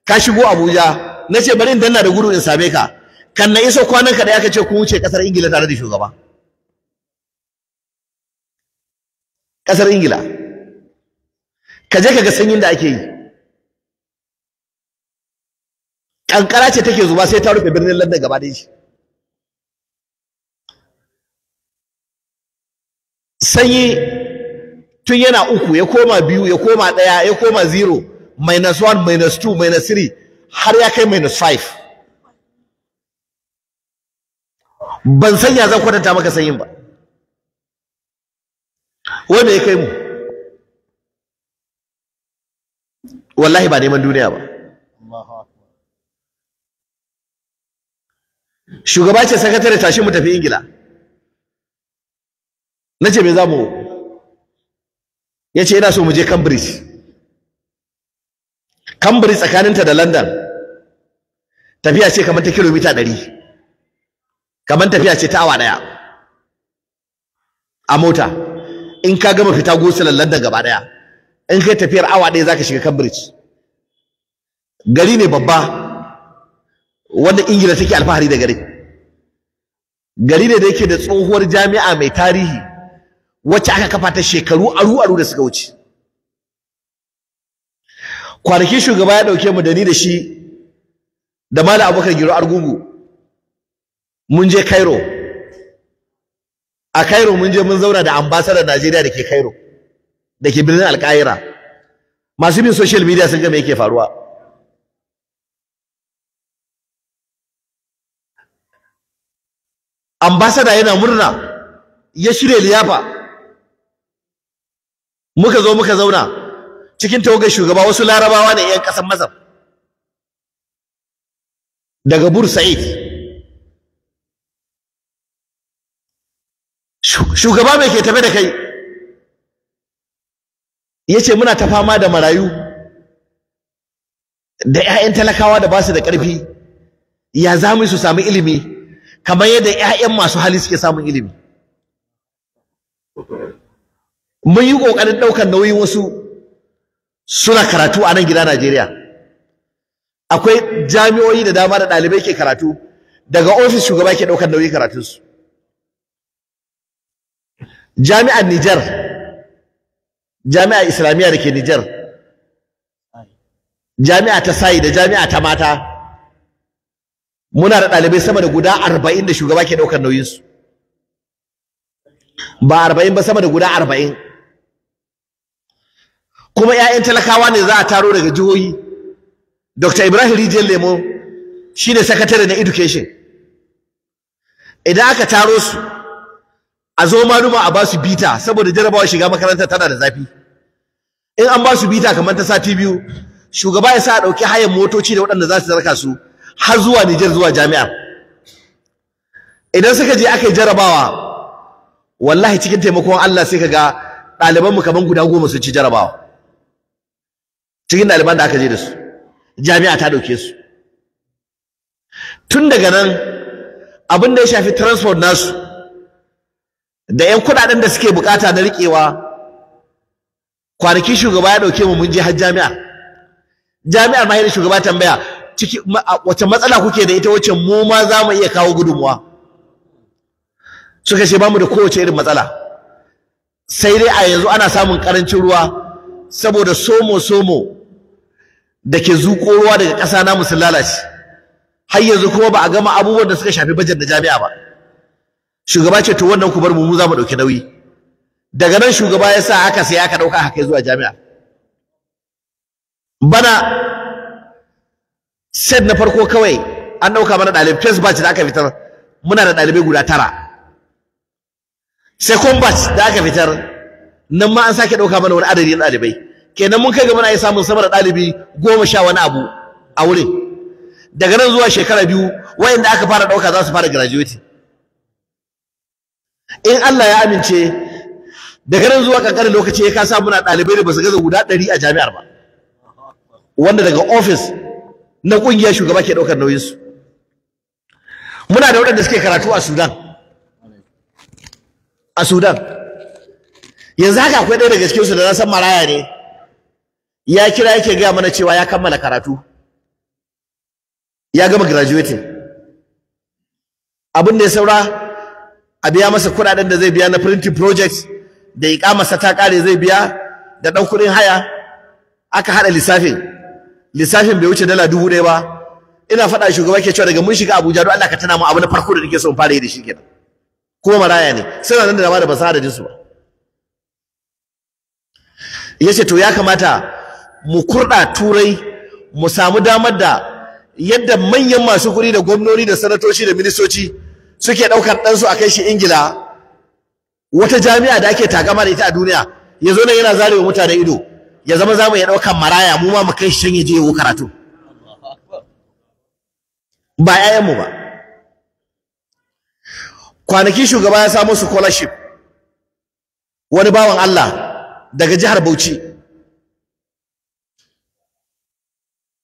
ka shigo Abuja nace bari in danna da gudu in same ka kan na iso kwanan ka da aka ce ku wuce kasar Ingila tare da shugaba ƙasar ingila ka je ka ga sanyin da ake yi kankara ce take zuba sai ta rufe birnin London gaba da shi sanyi tun yana uku ya koma biyu ya koma ɗaya ya koma zero minus one minus two minus three har ya kai minus five ban sanya zan kwatanta maka sanyin ba wanda ya kai mu wallahi ba neman duniya ba shugaba ce sakatare tashi mu tafi ingila na ce me za mu ya ce yana so mu je cambridge cambridge tsakaninta da london tafiya ce kamar ta kilomita ɗari kamar tafiya ce ta awa ɗaya a mota in ka gama fita lallar Landan gaba daya in kai tafiyar awa ɗaya zaka shiga Cambridge gari ne babba wanda Ingila take alfahari da gari gari ne da yake da tsohuwar jami'a mai tarihi wacce aka kafa ta shekaru aru-aru da suka wuce kwanaki shugaba ya ɗauke mu da ni da shi da malam abubakar giro argungu mun je cairo a Cairo mun je mun zauna da ambassador Najeriya da ke Cairo da ke birnin Alkaira masu bin social media sun ga yake faruwa Ambasada yana murna ya shirya liyafa muka zo muka zauna cikin tawagar shugaba wasu larabawa ne 'yan ƙasar Masar daga Bursaid shugaba mai ke tafe da kai ya ce muna ta fama da marayu da 'ya'yan talakawa da ba su da ƙarfi ya za mu su sami ilimi kamar yadda 'ya'yan masu hali suke samun ilimi mun yi ƙoƙarin ɗaukar nauyin wasu suna karatu a nan gida Najeriya akwai jami'o'i da dama da ɗalibai ke karatu daga ofis shugaba ke ɗaukar nauyin karatunsu jami'ar Nijar jami'ar Islamiyya da ke Nijar jami'a ta sayi da jami'a ta mata muna da ɗalibai sama da guda arba'in da shugaba ke ɗaukar nauyinsu ba arba'in ba sama da guda arba'in kuma 'ya'yan talakawa ne za a taro daga jihohi dr ibrahim rijiyar lemo shi ne sakatare na education idan aka taro su a zo maluma a ba su bita saboda jarabawa shiga makaranta tana da zafi in an basu bita kamar ta sati biyu shugaba ya sa a ɗauki hayan motoci da waɗanda za su zarka su har zuwa Nijar zuwa jami'a idan suka je aka yi jarabawa wallahi cikin taimakon Allah sai ka ga ɗalibanmu kamar guda goma sun ci jarabawa cikin ɗaliban da aka je da su jami'a ta ɗauke su tun daga nan abin da ya shafi transport nasu da yan kudaden da suke bukata na rikewa kwanaki shugaba ya dauke mu mun je har jami'a jami'ar ma shugaba tambaya ciki wace matsala kuke da ita wacce mu ma za mu iya kawo gudunmuwa suka ce mu da kowace irin matsala sai dai a yanzu ana samun karancin ruwa saboda somo somo da ke zuƙo ruwa daga ƙasa namu sun lalace har yanzu kuma ba a gama abubuwan da suka shafi bajin da jami'a ba shugaba ce to wannan ku bar mu mu za mu ɗauki nauyi daga nan shugaba ya sa aka sai aka ɗauka haka zuwa jami'a bana set na farko kawai an ɗauka mana ɗalibai first batch da aka fitar muna da ɗalibai guda tara second batch da aka fitar nan ma an sake ɗauka mana wani adadi na ɗalibai kenan mun kai ga muna yi samun sama da ɗalibi goma sha wani abu a wurin daga nan zuwa shekara biyu wayanda aka fara ɗauka za su fara graduating in Allah ya amince daga nan zuwa kankanin lokaci ya kasa muna ɗalibai da ba su gaza guda ɗari a jami'ar ba wanda daga ofis na ƙungiyar shugaba ke ɗaukar nauyinsu muna da waɗanda suke karatu a sudan a sudan yanzu haka akwai ɗaya daga cikinsu da na san maraya ne ya kira yake gaya mana cewa ya kammala karatu ya gama graduating abin da ya saura a biya masa kuɗaɗen da zai biya na printing project da iƙamarsa ta ƙare zai biya da ɗan kuɗin haya aka haɗa lissafin lissafin bai wuce dala dubu ɗaya ba ina faɗa shugaba ke cewa daga mun shiga Abuja don Allah ka tana mu abu na farko da nake so in fara yi da shi kenan ko maraya ne suna nan da dama da ba da jinsu ba yace to ya kamata mu kurɗa turai mu samu damar da yadda manyan masu kuɗi da gwamnoni da sanatoci da ministoci suke ɗaukar ɗansu a kai shi ingila wata jami'a da ake takama da ita a duniya ya zo nan yana zarewa mutane ido ya zama za mu iya ɗaukar maraya mu ma mu kai shi can ya je yawo karatu ba 'ya'yanmu ba kwanaki shugaba ya samo scholarship wani bawan Allah daga jihar Bauchi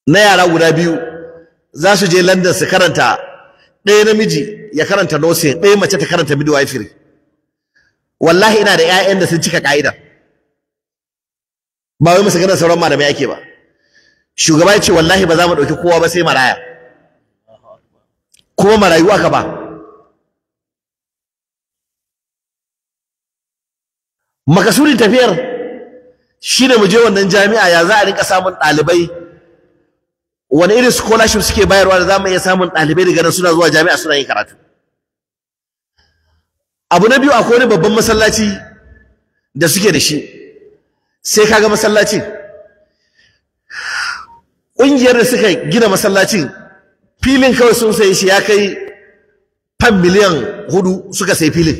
na yara guda biyu za su je London su karanta ɗaya namiji ya karanta nose ɗaya mace ta karanta midwifery wallahi ina da ƴaƴan da sun cika ka'ida ba wai musu ganin sauran malamai ake ba shugaba ya ce wallahi ba za mu ɗauki kowa ba sai maraya kuma marayu aka ba makasuri tafiyar Shi ne mu je wannan jami'a ya za a rinka samun ɗalibai wani irin scholarship suke bayarwa da zamu iya samun ɗalibai daga nan suna zuwa jami'a suna yin karatu abu na biyu akwai wani babban masallaci da suke da shi sai kaga masallacin ƙungiyar da suka gina masallacin filin kawai sun sayi shi ya kai fan miliyan hudu suka sayi filin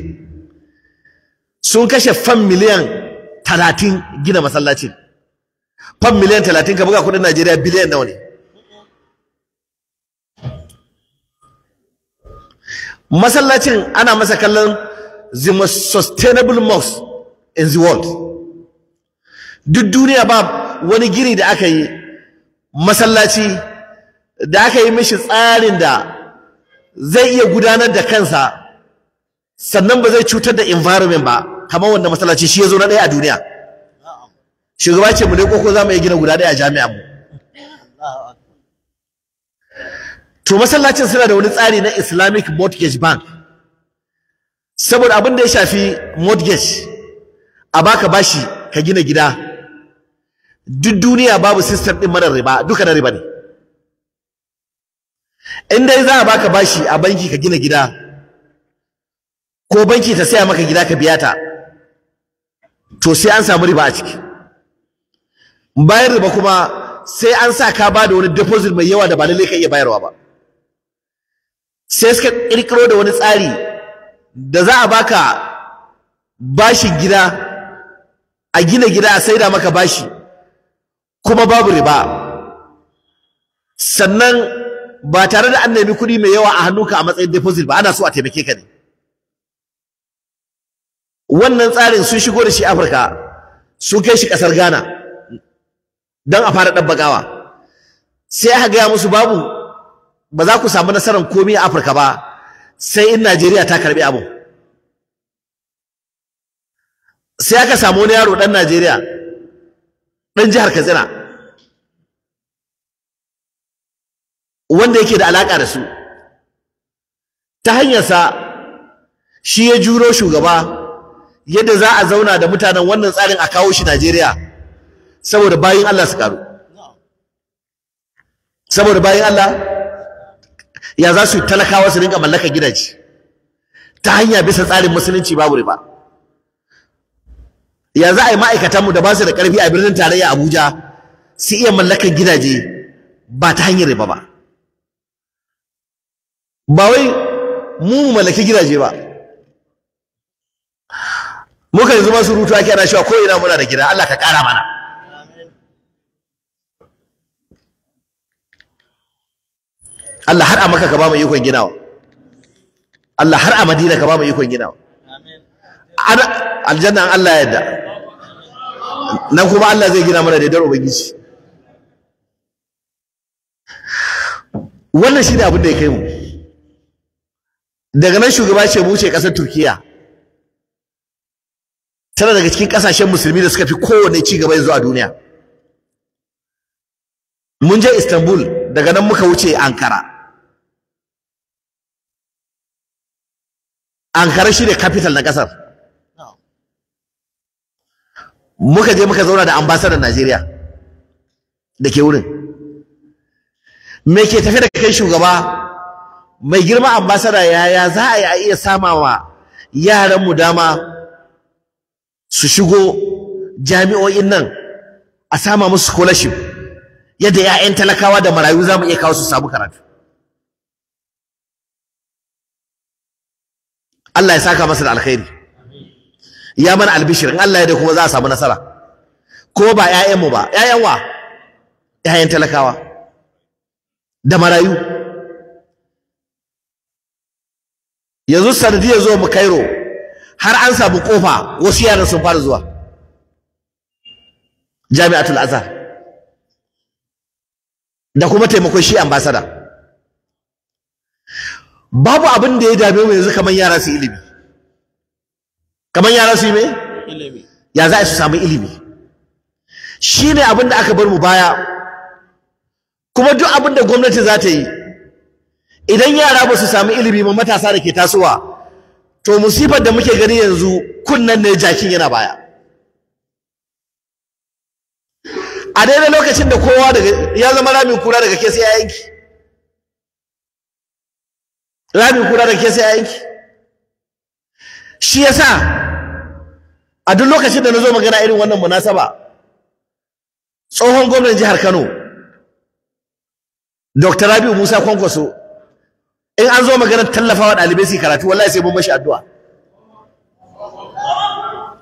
sun kashe fan miliyan talatin gina masallacin fan miliyan talatin ka buga kudin najeriya biliyan nawa ne masallacin ana masa kallon the most sustainable mosque in the world duk duniya ba wani gini da aka yi masallaci da aka yi mishi tsarin da zai iya gudanar da kansa sannan ba zai cutar da environment ba kamar wanda masallaci shi ya zo na ɗaya a duniya shugaba ce mu ne ko ko za mu iya gina guda ɗaya a jami'a mu to masallacin suna da wani tsari na Islamic Mortgage Bank saboda abin da ya shafi mortgage a baka bashi ka gina gida duk duniya babu system din marar riba duka na riba ne in dai za a baka bashi a banki ka gina gida ko banki ta saya maka gida ka biya ta to sai an samu riba a ciki bayan riba kuma sai an sa ka ba da wani deposit mai yawa da ba lallai ka iya bayarwa ba sai suka ƙirƙiro da wani tsari da za a baka bashin gida a gina gida a saida maka bashi kuma babu riba sannan ba tare da an nemi kuɗi mai yawa a hannunka a matsayin deposit ba ana so a taimake ka ne wannan tsarin sun shigo da shi Afirka sun kai shi ƙasar Ghana don a fara ɗabbakawa sai aka gaya musu babu ba za ku samu nasarar komi a Afirka ba sai in Najeriya ta karbi abu sai aka samu wani yaro dan Najeriya dan jihar Katsina wanda yake da alaka da su ta hanyar sa shi ya juro shugaba yadda za a zauna da mutanen wannan tsarin a kawo shi Najeriya saboda bayin Allah su karu saboda bayin Allah ya za su talakawa su rinka mallaka gidaje ta hanya bisa tsarin musulunci babu riba ya za a yi ma'aikatanmu da ba su da karfi a birnin tarayya abuja su iya mallaka gidaje ba ta hanyar riba ba ba wai mu mu mallaki gidaje ba muka yanzu masu rutu ake ana cewa ko ina muna da gida Allah ka kara mana Allah har a maka ka ba mu ikon ginawa Allah har a madina ka ba mu ikon ginawa aljanna Allah ya yadda nan kuma Allah zai gina mana daidar ubangiji wannan shi ne abin da ya kai mu daga nan shugaba ce mu kasar ƙasar turkiya tana daga cikin ƙasashen musulmi da suka fi kowane ci gaba yanzu a duniya mun je istanbul daga nan muka wuce ankara ankara shi ne capital na kasar muka je muka zauna da ambasadar najeriya da ke wurin me ke tafi da kai shugaba mai girma ambasada yaya za a yi a iya samawa yaranmu dama su shigo jami'o'in nan a sama musu scholarship yadda 'ya'yan talakawa da marayu za mu iya kawo su samu karatu Allah ya saka masa da alkhairi ya mana albishirin, Allah ya da kuma za a samu nasara ko ba ƴaƴanmu ba ƴaƴan wa ƴaƴan talakawa da marayu yanzu ya zo mu Cairo har an samu kofa wasu yaran sun fara zuwa Jami'atul Azhar da kuma taimakon shi ambassador babu abin da ya dame mu yanzu kamar yara su ilimi kamar yara su ilimi ya za su samu ilimi Shi ne abin da aka bar mu baya kuma duk abin da gwamnati za ta yi idan yara ba su samu ilimi ma matasa da ke tasowa to musibar da muke gani yanzu kunnan ne jakin yana baya a daidai lokacin da kowa ya zama ramin kura daga ke sai ya yanki rami kura da ke sai a yanki shi yasa a duk lokacin da na zo magana irin wannan munasaba tsohon gwamnan jihar Kano Dr. Rabiu Musa Kwankwaso in an zo magana tallafa wa ɗalibai su karatu wallahi sai mun mashi addu'a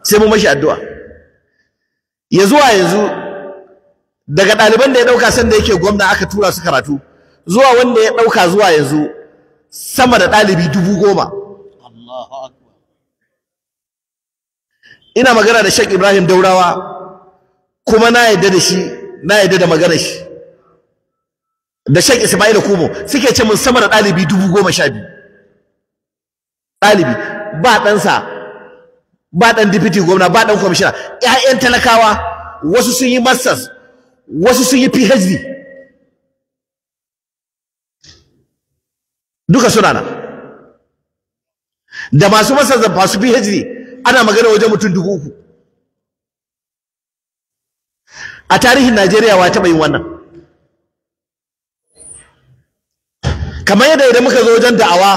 sai mun mashi addu'a ya zuwa yanzu daga ɗaliban da ya ɗauka sanda yake gwamna aka tura su karatu zuwa wanda ya ɗauka zuwa yanzu sama da ɗalibi dubu goma ina magana da Sheikh Ibrahim Daurawa kuma na yadda da shi na yadda da magana shi da Sheikh Ismail Kumo suke ce mun sama da ɗalibi dubu goma sha biyu ɗalibi ba ɗansa ba ɗan dipiti gwamna ba ɗan kwamishina 'ya'yan talakawa wasu sun yi masters wasu sun yi PhD duka suna nan da masu masa masu PhD ana magana wajen mutum dubu uku a tarihin Najeriya wa taɓa yin wannan kamar yadda idan muka zo wajen da'awa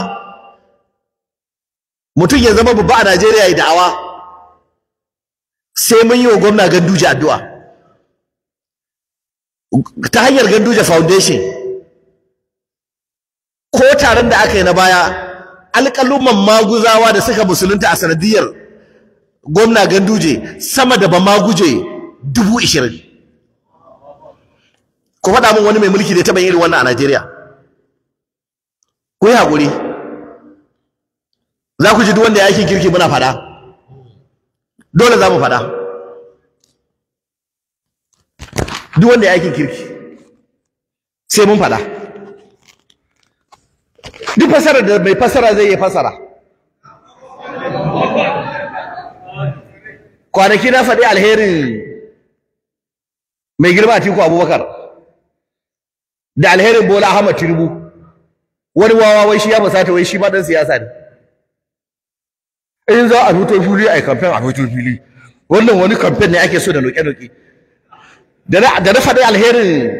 mutum ya zama babba a Najeriya ya da'awa sai mun yi wa gwamna ganduje addu'a ta hanyar ganduje foundation ko taron da aka yi na baya alƙaluman maguzawa da suka musulunta a sanadiyar gwamna ganduje sama da ba maguje dubu ishirin ku faɗa min wani mai mulki da taɓa yin irin wannan a najeriya ku yi haƙuri za ku ji duk wanda ya aikin kirki muna faɗa dole za mu faɗa duk wanda ya aikin kirki sai mun faɗa duk fasara da mai fasara zai yi fasara kwanaki na faɗi alherin mai girma tiku abubakar da alherin bola ahmad tinubu wani wawa wai shi ya musata wai shi ma dan siyasa ne in za a fito fili a kamfen a fito fili wannan wani kamfen ne ake so da loƙe-loƙe da na faɗi alherin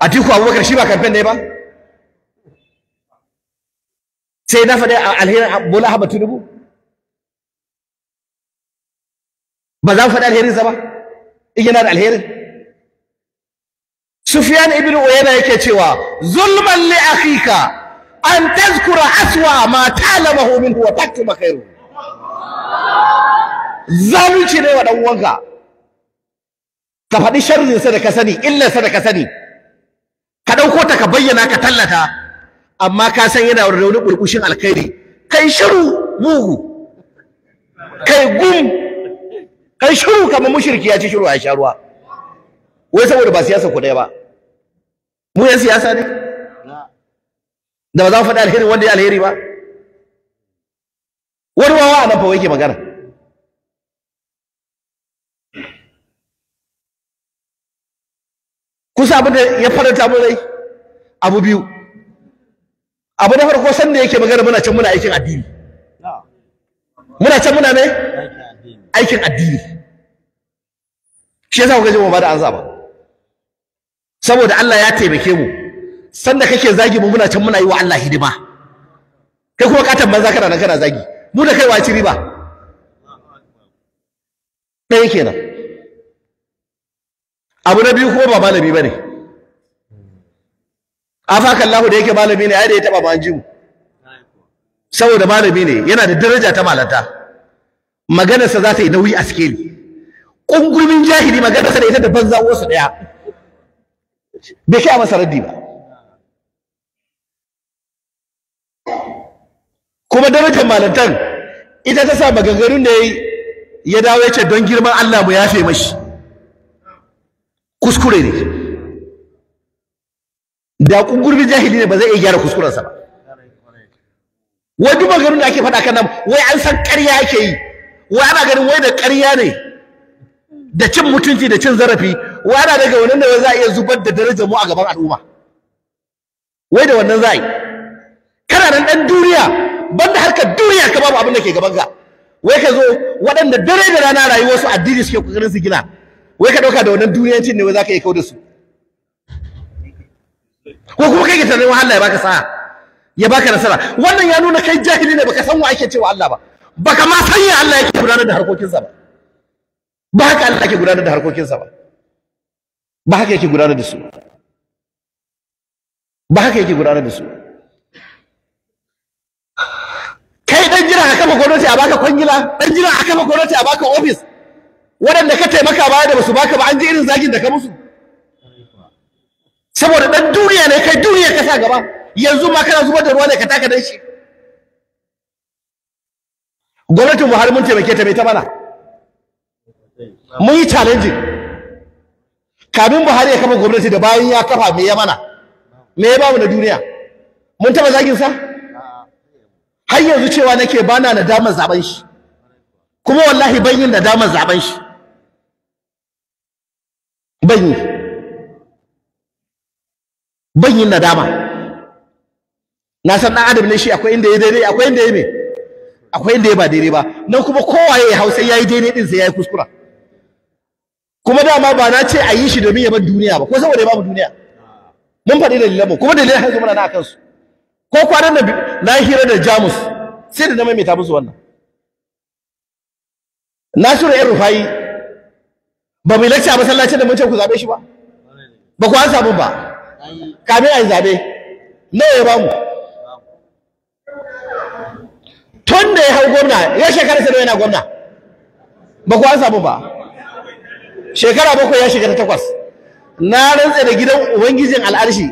a tiku abubakar shi ba kamfen ne ba sai na faɗi alherin bola haba tinubu ba za mu faɗi alherinsa ba in da alherin Sufiyan ibn uyana yake cewa zulman li akhika an tazkura aswa ma talamahu minhu wa takki khairu zalunci ne wa dan uwanka ka faɗi sharrin sa da ka sani illarsa sa da ka sani ka ɗauko ta ka bayyana ka tallata amma ka san yana da wani ƙurƙushin alkhairi kai shiru mugu kai gum kai shiru kamar mushriki ya ci shiru a sha ruwa wai saboda ba siyasa ku ɗaya ba mu yan siyasa ne da ba za mu faɗi alheri wanda ya alheri ba wani wawa a nan fa yake magana kusa abin da ya faranta mu rai abu biyu abu na farko san da yake magana muna can muna aikin addini muna can muna ne aikin addini shi yasa kuka ji mu ba da ansa ba saboda Allah ya taimake mu sanda kake zagi mu muna can muna yi wa Allah hidima kai kuma katan banza kana nan kana zagi mu da kai wa ci riba ɗaya kenan abu na biyu kuma ba malami bane ne afaka Allah da yake malami ne ai da ya taba ba mu saboda malami ne yana da daraja ta malata maganarsa za ta yi nauyi a sikeli kungurmin jahili maganarsa da ita da banza wasu ɗaya bai kai masa raddi ba kuma darajar malantan ita ta sa maganganun da ya dawo ya ce don girman Allah mu yafe mashi kuskure ne da gurbi jahili ne ba zai iya gyara kuskurensa ba wai duk maganin da ake faɗa kan nan wai an san ƙarya ake yi wai ana ganin wai da ƙarya ne da cin mutunci da cin zarafi wai ana daga wannan da wai za a iya zubar da darajar mu a gaban al'umma wai da wannan za a yi kana nan ɗan duniya banda harkar duniya ka babu abin da ke gaban ka wai ka zo waɗanda dare da rana rayuwarsu addini suke ƙoƙarin su gina wai ka ɗauka da wannan duniyancin ne wai za ka iya kau da su ko kuma kai ka wa Allah ya baka sa'a ya baka nasara wannan ya nuna kai jahili ne baka san wa ake cewa Allah ba baka ma san ya Allah yake gudanar da harkokinsa ba ba haka Allah yake gudanar da harkokinsa ba ba haka yake gudanar da su ba haka yake gudanar da su kai dan jira aka kafa gwamnati a baka kwangila dan jira aka kafa gwamnati a baka ofis waɗanda ka taimaka baya da basu baka ba an ji irin zagin da ka musu saboda dan duniya ne kai duniya ka sa gaba yanzu ma kana zubar da ruwa ne ka taka dan shi gwamnatin Buhari mun taimake ta mai ta mana mun yi challenging kamin Buhari ya kafa gwamnati da bayan ya kafa me ya mana me ya bamu na duniya mun taba zagin sa har yanzu cewa nake bana damar zaben shi kuma wallahi ban yin damar zaben shi ban ban yin nadama na san dan adam ne shi akwai inda ya daidai akwai inda ya me akwai inda ya ba daidai ba nan kuma kowa ya hausa yayi daidai din sai yayi kuskura kuma dama ba na ce a yi shi domin ya bar duniya ba ko saboda ya babu duniya mun faɗi dalilan mu kuma dalilan hanzu muna na akan su ko kwanan da na hira da Jamus sai da na ta musu wannan Nasiru ɗan rufayi ba mai lakci a masallacin da mun ce ku zaɓe shi ba ba ku an samu ba kamin a zabe. zaɓe nawa ya bamu tun da ya hau gwamna ya shekara sai yana gwamna ba ku an samu ba shekara bakwai ya shekara takwas na rantse da gidan ubangijin al'arshi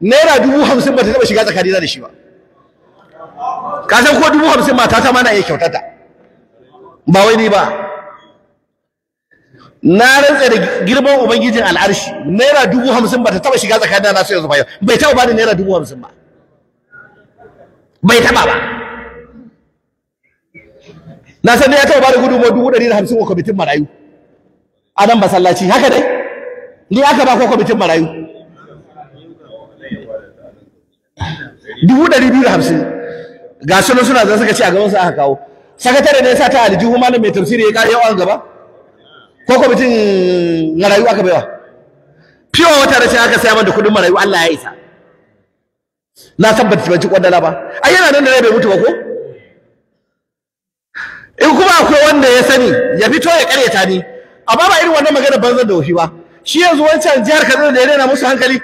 naira dubu hamsin ba ta taɓa shiga tsakanina da shi ba ka san ko dubu hamsin mata ta ma na iya kyautata ba wai ni ba na rantsa da girman ubangijin al'arshi naira dubu hamsin ba ta taba shiga tsakanin na su yanzu bayan bai taba bani naira dubu hamsin ba bai taba ba na san ya taba bani ma dubu ɗari da hamsin wa kwamitin marayu a nan masallaci haka dai ni aka ba ko kwamitin marayu dubu ɗari biyu da hamsin ga sunan suna zan suka ce a gaban su aka kawo sakatare ne ya sa ta aljihu malam mai tafsiri ya ƙara yawan gaba ko kwamitin marayu aka baiwa fiye wata da sai aka saya da kuɗin marayu Allah ya isa na tabbata ban ci kwandala ba ai yana nan da rai bai mutu ba ko in kuma akwai wanda ya sani ya fito ya karyata ni amma ba irin wannan magana banzan da wofi ba shi yanzu wancan jihar Kaduna da ya rena musu hankali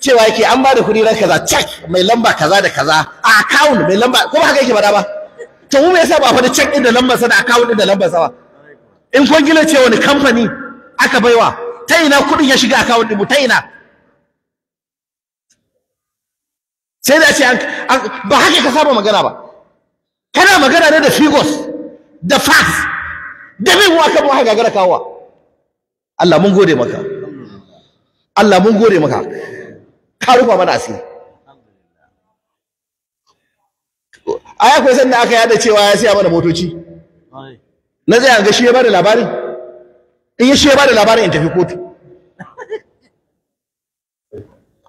cewa yake an ba da kuɗi ran kaza check mai lamba kaza da kaza a account mai lamba ko ba haka yake ba da ba to mu me yasa ba fa da check din da lambar sa da account din da lambar sa ba in kwangila ce wani kamfani aka baiwa ta ina kuɗin ya shiga akawun ɗinmu ta ina sai da ce ba haka ka saba magana ba kana magana ne da figos da fas da bin mu aka buwa gagara kawowa Allah mun gode maka Allah mun gode maka ka rufa mana asiri a ya kuwa sanda aka yada cewa ya siya mana motoci na zai ga shi ya bada labarin in ya shi ya bada labarin in tafi kotu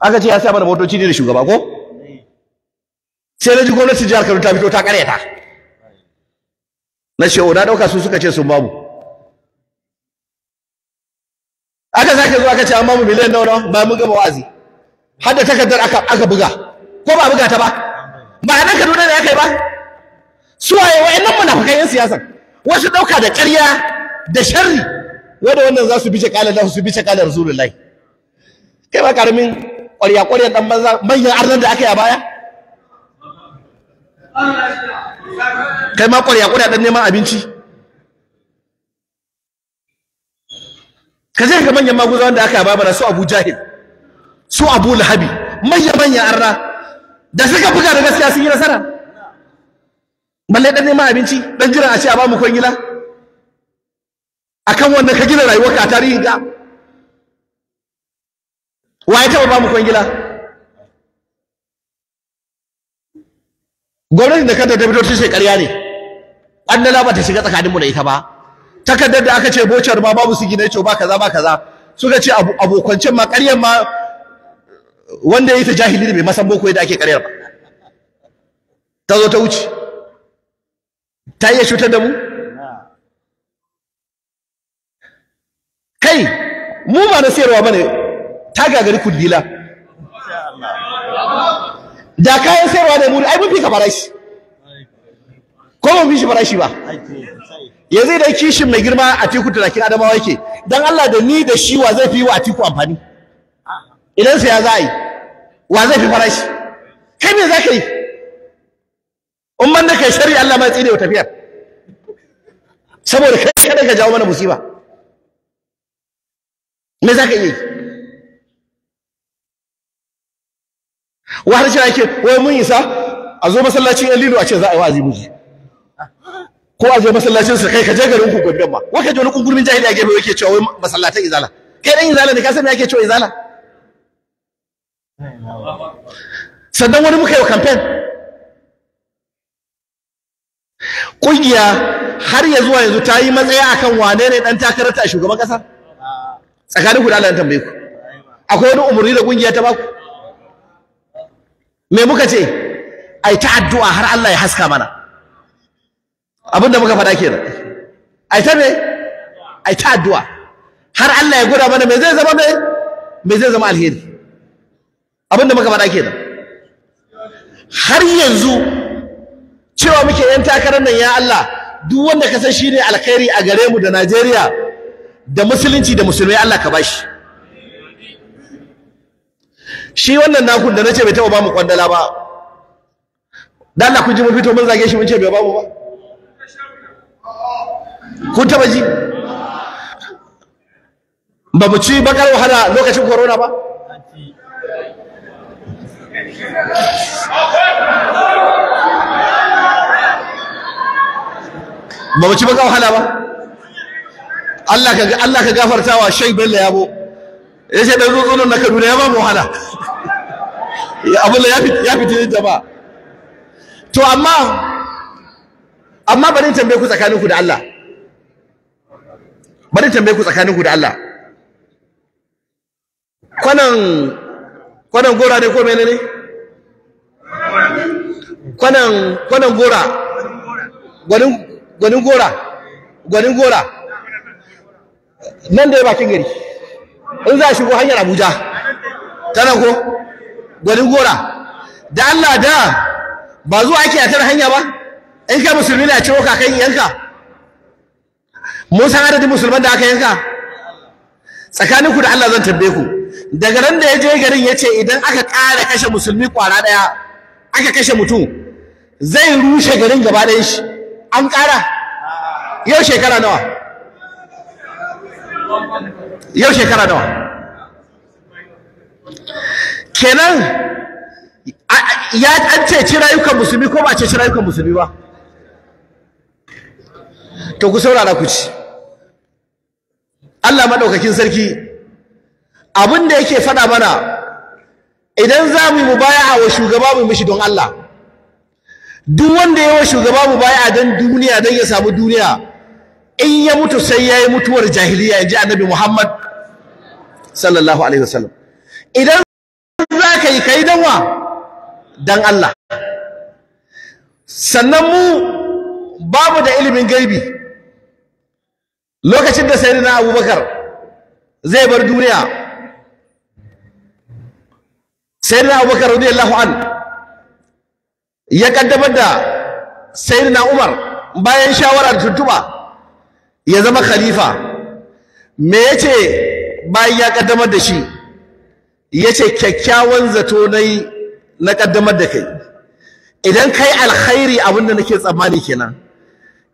aka ce ya sa mana motoci ne da shugaba ko sai na ji gwamnati jihar Kano ta fito ta karyata na ce oda oh, na dauka su suka ce sun babu aka sake zuwa aka ce an babu miliyan daura ba mun gaba wa'azi har da takardar aka aka buga ko ba buga ta ba ba nan Kaduna da aka yi ba suwaye wa'annan munafikan yin siyasa wasu ɗauka da ƙarya da sharri wadda wannan za su bice kala lahu su bice kala rasulullahi kai ba karamin ƙwarya ƙwarya dan banza manyan arnan da aka yi a baya kai ma ƙwarya ƙwarya dan neman abinci ka zai ka manyan maguza da aka yi a baya su Abu Jahil su Abu Lahabi manya manyan arna da suka buga da gaskiya sun yi nasara balle dan neman abinci dan jira a ce a ba mu kwangila akan wannan ka gina rayuwarka a tarihin ka wa ya taba ba mu gila gwamnati da kanta ta fito ta ce ƙarya ne an dala ta shiga tsakaninmu da ita ba takardar da aka ce bocar ma babu su gina ce ba kaza ba kaza suka ce abokancin ma ƙaryar ma wanda ya yi ta jahili ne bai masan boko yadda ake ƙaryar ba ta zo ta wuce ta iya cutar da mu kai mu ba na sayarwa bane ta gagari kundila. da kayan sayarwa da mu ai mun fi ka farashi ko mun fi shi farashi ba Ya zai da kishin mai girma a tiku talakin adamawa yake dan Allah da ni da shi wa zai fi wa a tiku amfani idan sai ya za yi wa zai fi farashi kai me za ka yi in ban da kai shari Allah ma tsine wa tafiyar saboda kai kada ka jawo mana musiba me za ka yi wa harshe ake wai mun isa a zo masallacin Alilu lilo a ce za a yi wa'azi muji ko a je masallacin su kai ka je garin ku gobe ma wa ka je wani kungurmin jahili a gefe yake cewa wai masallatan izala kai dan izala ne ka san me ake cewa izala sannan wani muka yi wa campaign kungiya har ya zuwa yanzu ta yi matsaya akan wane ne dan takarar ta shugaban kasa tsakanin ku da Allah tambaye ku akwai wani umurni da kungiya ta baku me muka ce ai ta addu'a har Allah ya haska mana abinda muka faɗa kenan ai ta me ai ta addu'a har Allah ya gwada mana me zai zama me me zai zama alheri muka faɗa kenan har yanzu cewa muke yan takarar nan ya Allah duk wanda ka san shine alkhairi a gare mu da Najeriya da musulunci da musulmai Allah ka bashi shi wannan naku da nace bai taba ba mu kwandala ba dan Allah ku ji mu fito mun zage shi mun ce bai ba mu ba kun taba ji ba mu ci bakar wahala lokacin corona ba ba ci baka wahala ba Allah ka Allah ka gafartawa Sheikh Bello Yabo yace dan rutsunan na dure ya ba mu wahala abin da ya fiti ba to amma amma bari tambaye ku tsakanin ku da Allah bari tambaye ku tsakanin ku da Allah kwanan kwanan gora ne ko menene kwanan kwanan gora gwanin gwanin gora gwanin gora nan da ya bakin gari in za a shigo hanyar abuja tana ko gwanin gora da allah da ba zuwa ake yatar hanya ba in ka musulmi na ciro kakan yanka mun san adadin musulman da aka yanka tsakaninku da allah zan tambaye ku daga nan da ya je garin ya ce idan aka ƙara kashe musulmi kwara ɗaya aka kashe mutum zai rushe garin gaba ɗaya shi an ƙara yau shekara nawa yau shekara nawa kenan ya an ceci rayukan musulmi ko ba a ceci rayukan musulmi ba to ku saurara ku ci Allah maɗaukakin sarki abin da yake faɗa mana idan za mu yi mubaya'a wa shugaba mu mishi don Allah duk wanda yawa shugaba mu baya dan duniya dan ya samu duniya in ya mutu sai yayi mutuwar jahiliya ji annabi Muhammad sallallahu alaihi wasallam idan zaka yi kai danwa dan Allah sannan mu babu da ilimin gaibi lokacin da sayyidina Abubakar zai bar duniya sayyidina Abubakar radiyallahu anhu ya kaddamar da sayyidina Umar bayan shawarar tuntuba ya zama khalifa me yace bayan ya kaddamar da shi yace kyakkyawan zato nayi na kaddamar da kai idan kai alkhairi abinda nake tsammani kenan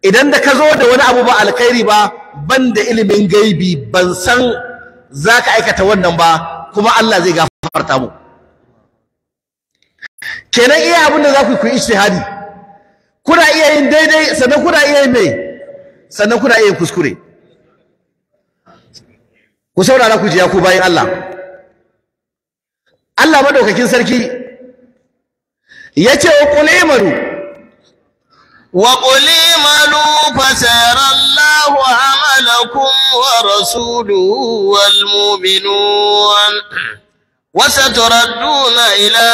idan da ka zo da wani abu ba alkhairi ba ban da ilimin gaibi ban san za ka aikata wannan ba kuma Allah zai gafarta mu kenan iya abin da za ku yi ijtihadi kuna iya yin daidai sannan kuna iya yin mai sannan kuna iya yin kuskure ku saurara ku jiya ku bayan Allah Allah madaukakin sarki ya ce wa ƙulimaru wa ƙulimaru imalu fasara Allahu amalakum wa rasulu wal mu'minun na إلى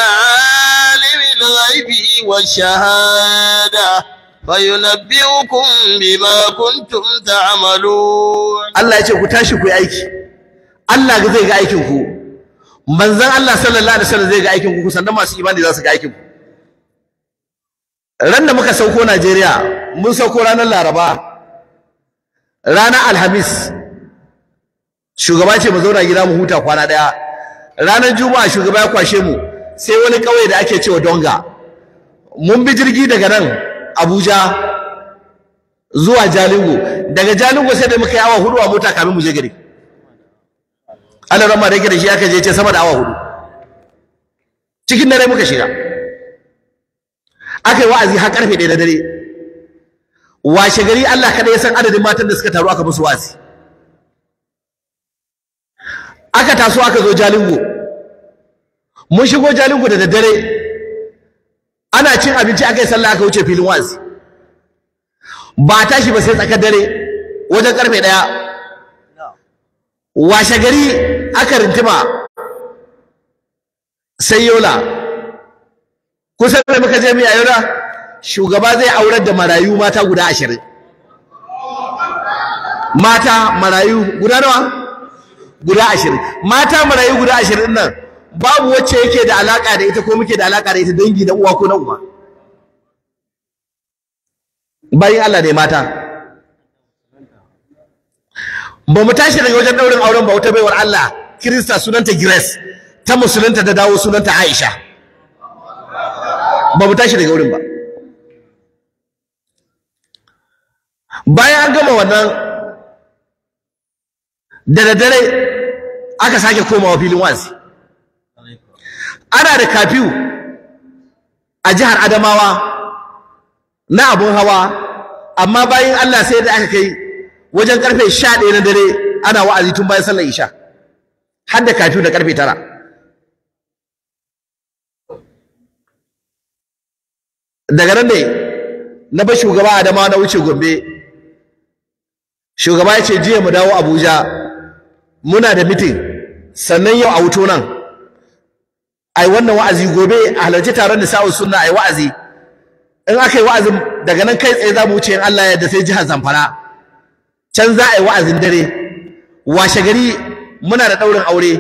الغيب والشهادة فينبئكم بما كنتم تعملون الله يجي كتاشي كوي أيكي الله زي أيكي كو manzon Allah sallallahu alaihi wasallam zai ga aikin ku sannan masu imani za su ga aikin ku muka sauko Najeriya mun sauko ranar Laraba ranar Alhamis shugaba ce mu zauna gida mu huta kwana ɗaya. ranar Juma'a shugaba ya kwashe mu sai wani ƙauye da ake cewa donga mun bi jirgi daga nan abuja zuwa jalingo daga jalingo sai da muka yi awa hudu a mota kamin mu je gari ala rama da gari shi aka je ce sama da awa hudu cikin dare muka shiga aka yi wa'azi har karfe ɗaya da dare washe gari allah kada ya san adadin matan da suka taru aka musu wa'azi aka taso aka zo jalingo mun shigo jalinku da daddare ana cin abinci aka yi sallah aka wuce filin wazi ba tashi ba sai tsakar dare wajen karfe daya washe gari aka rintima sai yola kusan da muka je miya yola shugaba zai aurar da marayu mata guda ashirin mata marayu guda nawa guda ashirin mata marayu guda ashirin nan babu wacce yake da alaka da ita ko muke da alaka da ita dangi na uwa ko na uwa bayan Allah ne mata ba mu tashi daga wajen daurin auren ba wata baiwar Allah Kirista sunanta Grace ta musulunta da dawo sunanta Aisha ba mu tashi daga wurin ba bayan an gama wannan da daddare aka sake komawa filin wazi ana da kafiyu a jihar Adamawa na abun hawa amma bayan Allah sai da aka kai wajen karfe ɗaya na dare ana wa'azi tun bayan sallar isha har da kafiyu da karfe 9 daga nan ne na ba shugaba Adamawa na wuce Gombe shugaba ya ce jiya mu dawo Abuja muna da mitin sannan yau a wuto nan ai wannan wa'azi gobe a halarci taron nisa'u sunna ai wa'azi in aka wa'azin daga nan kai tsaye za mu wuce in Allah ya yarda sai jihar Zamfara can za a yi wa'azin dare washe gari muna da ɗaurin aure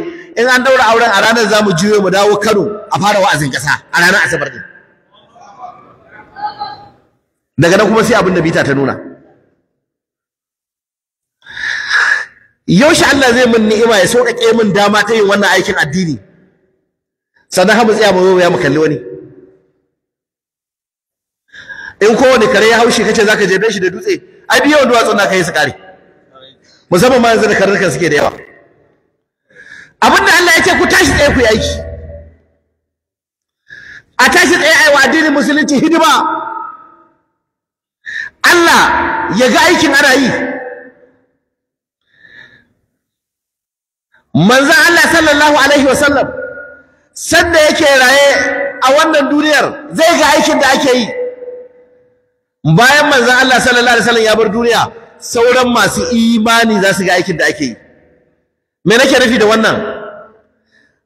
in an ɗaura auren a ranar za mu juyo mu dawo Kano a fara wa'azin ƙasa a ranar Asabar din daga nan kuma sai abin da bita ta nuna yaushe Allah zai min ni'ima ya sauƙaƙe min dama ta yin wannan aikin addini sannan hamu tsaya mu ya mu kalli wani in kowane kare ya haushi kace zaka jebe shi da dutse ai biyo duwatsun na kai su kare musamman ma yanzu da karnuka suke da yawa abinda Allah ya ce ku tashi tsaye ku yi aiki a tashi tsaye ai wa addinin musulunci hidima Allah ya ga aikin ana yi manzon Allah sallallahu alaihi wasallam sanda yake raye a wannan duniyar zai ga aikin da ake yi bayan manzon Allah sallallahu alaihi wasallam ya bar duniya sauran masu imani za su ga aikin da ake yi me nake nufi da wannan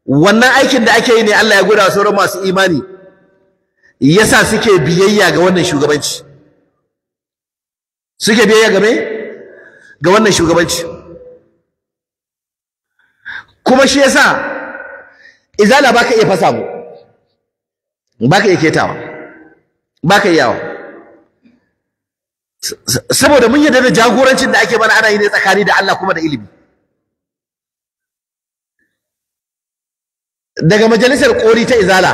wannan aikin da ake yi ne Allah ya gwada sauran masu imani yasa suke biyayya ga wannan shugabanci suke biyayya ga me ga wannan shugabanci kuma shi yasa izala baka iya fasa mu baka iya ketawa baka iya yawa saboda mun yarda da jagorancin da ake mana ana yi ne tsakani da Allah kuma da ilimi daga majalisar kori ta izala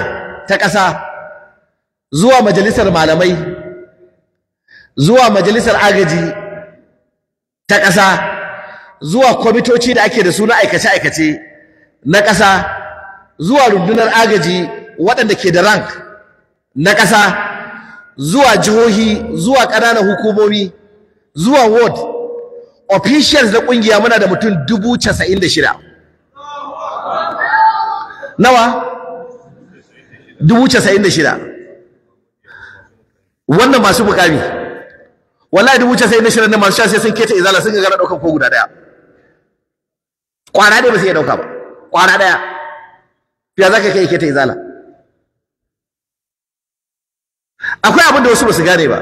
ta ƙasa zuwa majalisar malamai zuwa majalisar agaji ta ƙasa zuwa kwamitoci da ake da suna aikace-aikace na ƙasa zuwa rundunar agaji waɗanda ke da rank na ƙasa zuwa jihohi zuwa ƙananan hukumomi zuwa ward officials na ƙungiya muna da mutum dubu casa'in da shida nawa dubu casa'in da shida wannan masu bukami wallahi dubu casa'in da shida ne masu sha sai sun keta izala sun gagara ɗaukar ko guda ɗaya kwana ɗaya ba su iya ɗauka ba kwana ɗaya to za zaka kai ke ta izala akwai abin da wasu ba su gane ba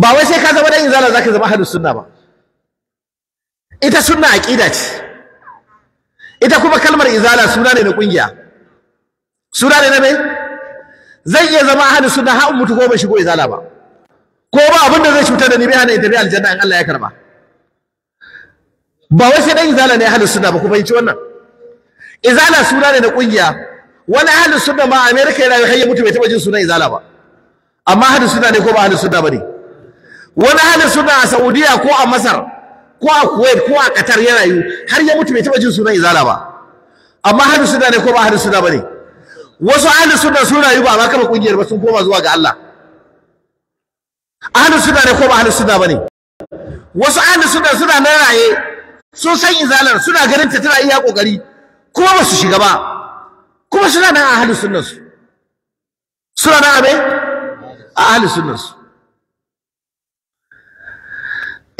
ba wai sai ka zama dan izala zaka zama ahlus sunna ba ita sunna aqida ce ita kuma kalmar izala suna ne na kungiya suna ne na me zai iya zama ahlus sunna ha mutu ko ba shigo izala ba ko ba abin da zai cutar da ni bai hana ita bi aljanna in Allah ya karba ba wai sai dan izala ne ahlus sunna ba ku fahimci wannan izala suna ne na kungiya wani ahli sunna ma Amerika yana hayya mutu bai taba jin sunan izala ba amma ahli sunna ne ko ba ahli sunna bane wani ahli sunna a Saudiya ko a Masar ko a Kuwait ko a Qatar yana yi har ya mutu bai taba jin sunan izala ba amma ahli sunna ne ko ba ahli sunna bane wasu ahli sunna sun rayu ba ma kama kungiyar ba sun koma zuwa ga Allah ahli sunna ne ko ba ahli sunna bane wasu ahli sunna suna nan raye sun san izalar suna ganin ta tana iya kokari kuma ba su shiga ba kuma suna nan a ahalus sunnar su suna nan a me a ahalus sunnar su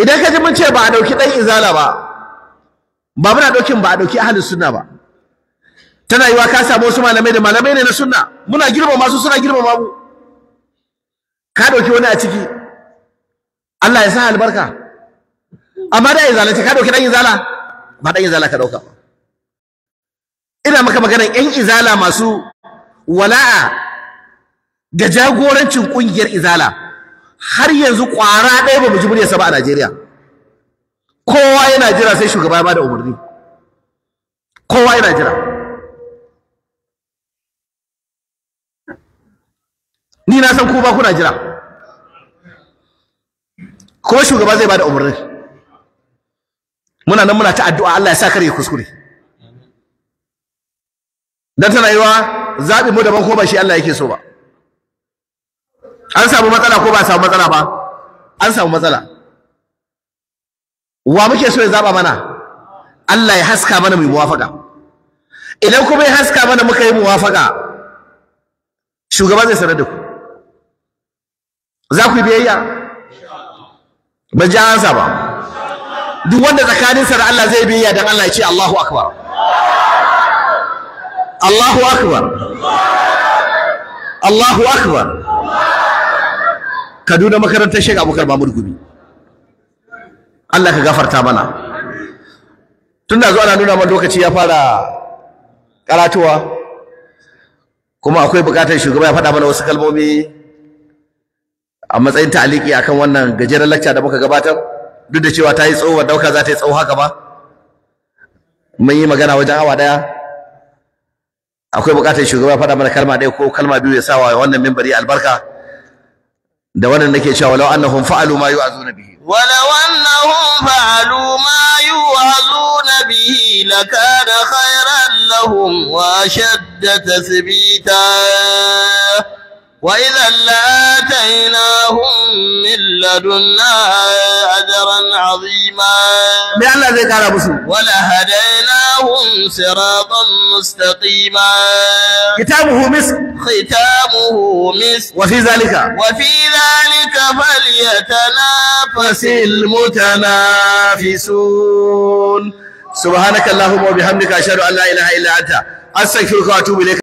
idan ka ji mun ce ba a dauki dan izala ba ba muna daukin ba a dauki ahalus suna ba tana yiwa ka samu wasu malamai da malamai ne na sunna muna girma masu suna girma mu. ka dauki wani a ciki Allah ya sa albarka amma da izalata ka dauki dan izala ba dan izala ka dauka ba ina maka maganar yan izala masu wala'a da jagorancin ƙungiyar izala har yanzu ƙwara ɗaya ba mu ji muryarsa ba a Najeriya kowa yana jira sai shugaba ba da umarni kowa yana jira ni na san ku ba kuna jira kuma shugaba zai ba da umarni muna nan muna ta addu'a Allah ya sa kare kuskure dan tana yiwa zaɓi mu daban ko ba shi Allah yake so ba an samu matsala ko ba a samu matsala ba an samu matsala wa muke so ya zaɓa mana Allah ya haska mana mu muwafaka idan kuma ya haska mana muka yi muwafaka shugaba zai sanar da ku za ku yi biyayya ba ji an ba duk wanda tsakaninsa da Allah zai biyayya dan Allah ya ce Allahu akbar Allahu akbar Kaduna makarantar Sheikh Abubakar Mahmud Gumi Allah ka gafarta mana tunda zuwa na nuna mana lokaci ya fara karatuwa kuma akwai bukatar shugaba ya faɗa mana wasu kalmomi a matsayin ta'aliki akan wannan gajeren lacca da muka gabatar duk da cewa ta yi tsohuwar dauka za ta yi tsawo haka ba mun yi magana wajen awa daya akwai buƙatar shugaba faɗa mana kalma ɗaya ko kalma biyu ya sa wa wannan mimbari albarka da wannan nake cewa walau annahum fa'alu ma yu'azuna bihi walau annahum fa'alu ma yu'azuna bihi lakana khayran lahum wa shadda tasbita. وإذا لآتيناهم من لدنا أجرا عظيما ولهديناهم صراطا مستقيما كتابه مسك ختامه مسك وفي ذلك وفي ذلك فليتنافس المتنافسون سبحانك اللهم وبحمدك أشهد أن لا إله إلا أنت أستغفرك وأتوب إليك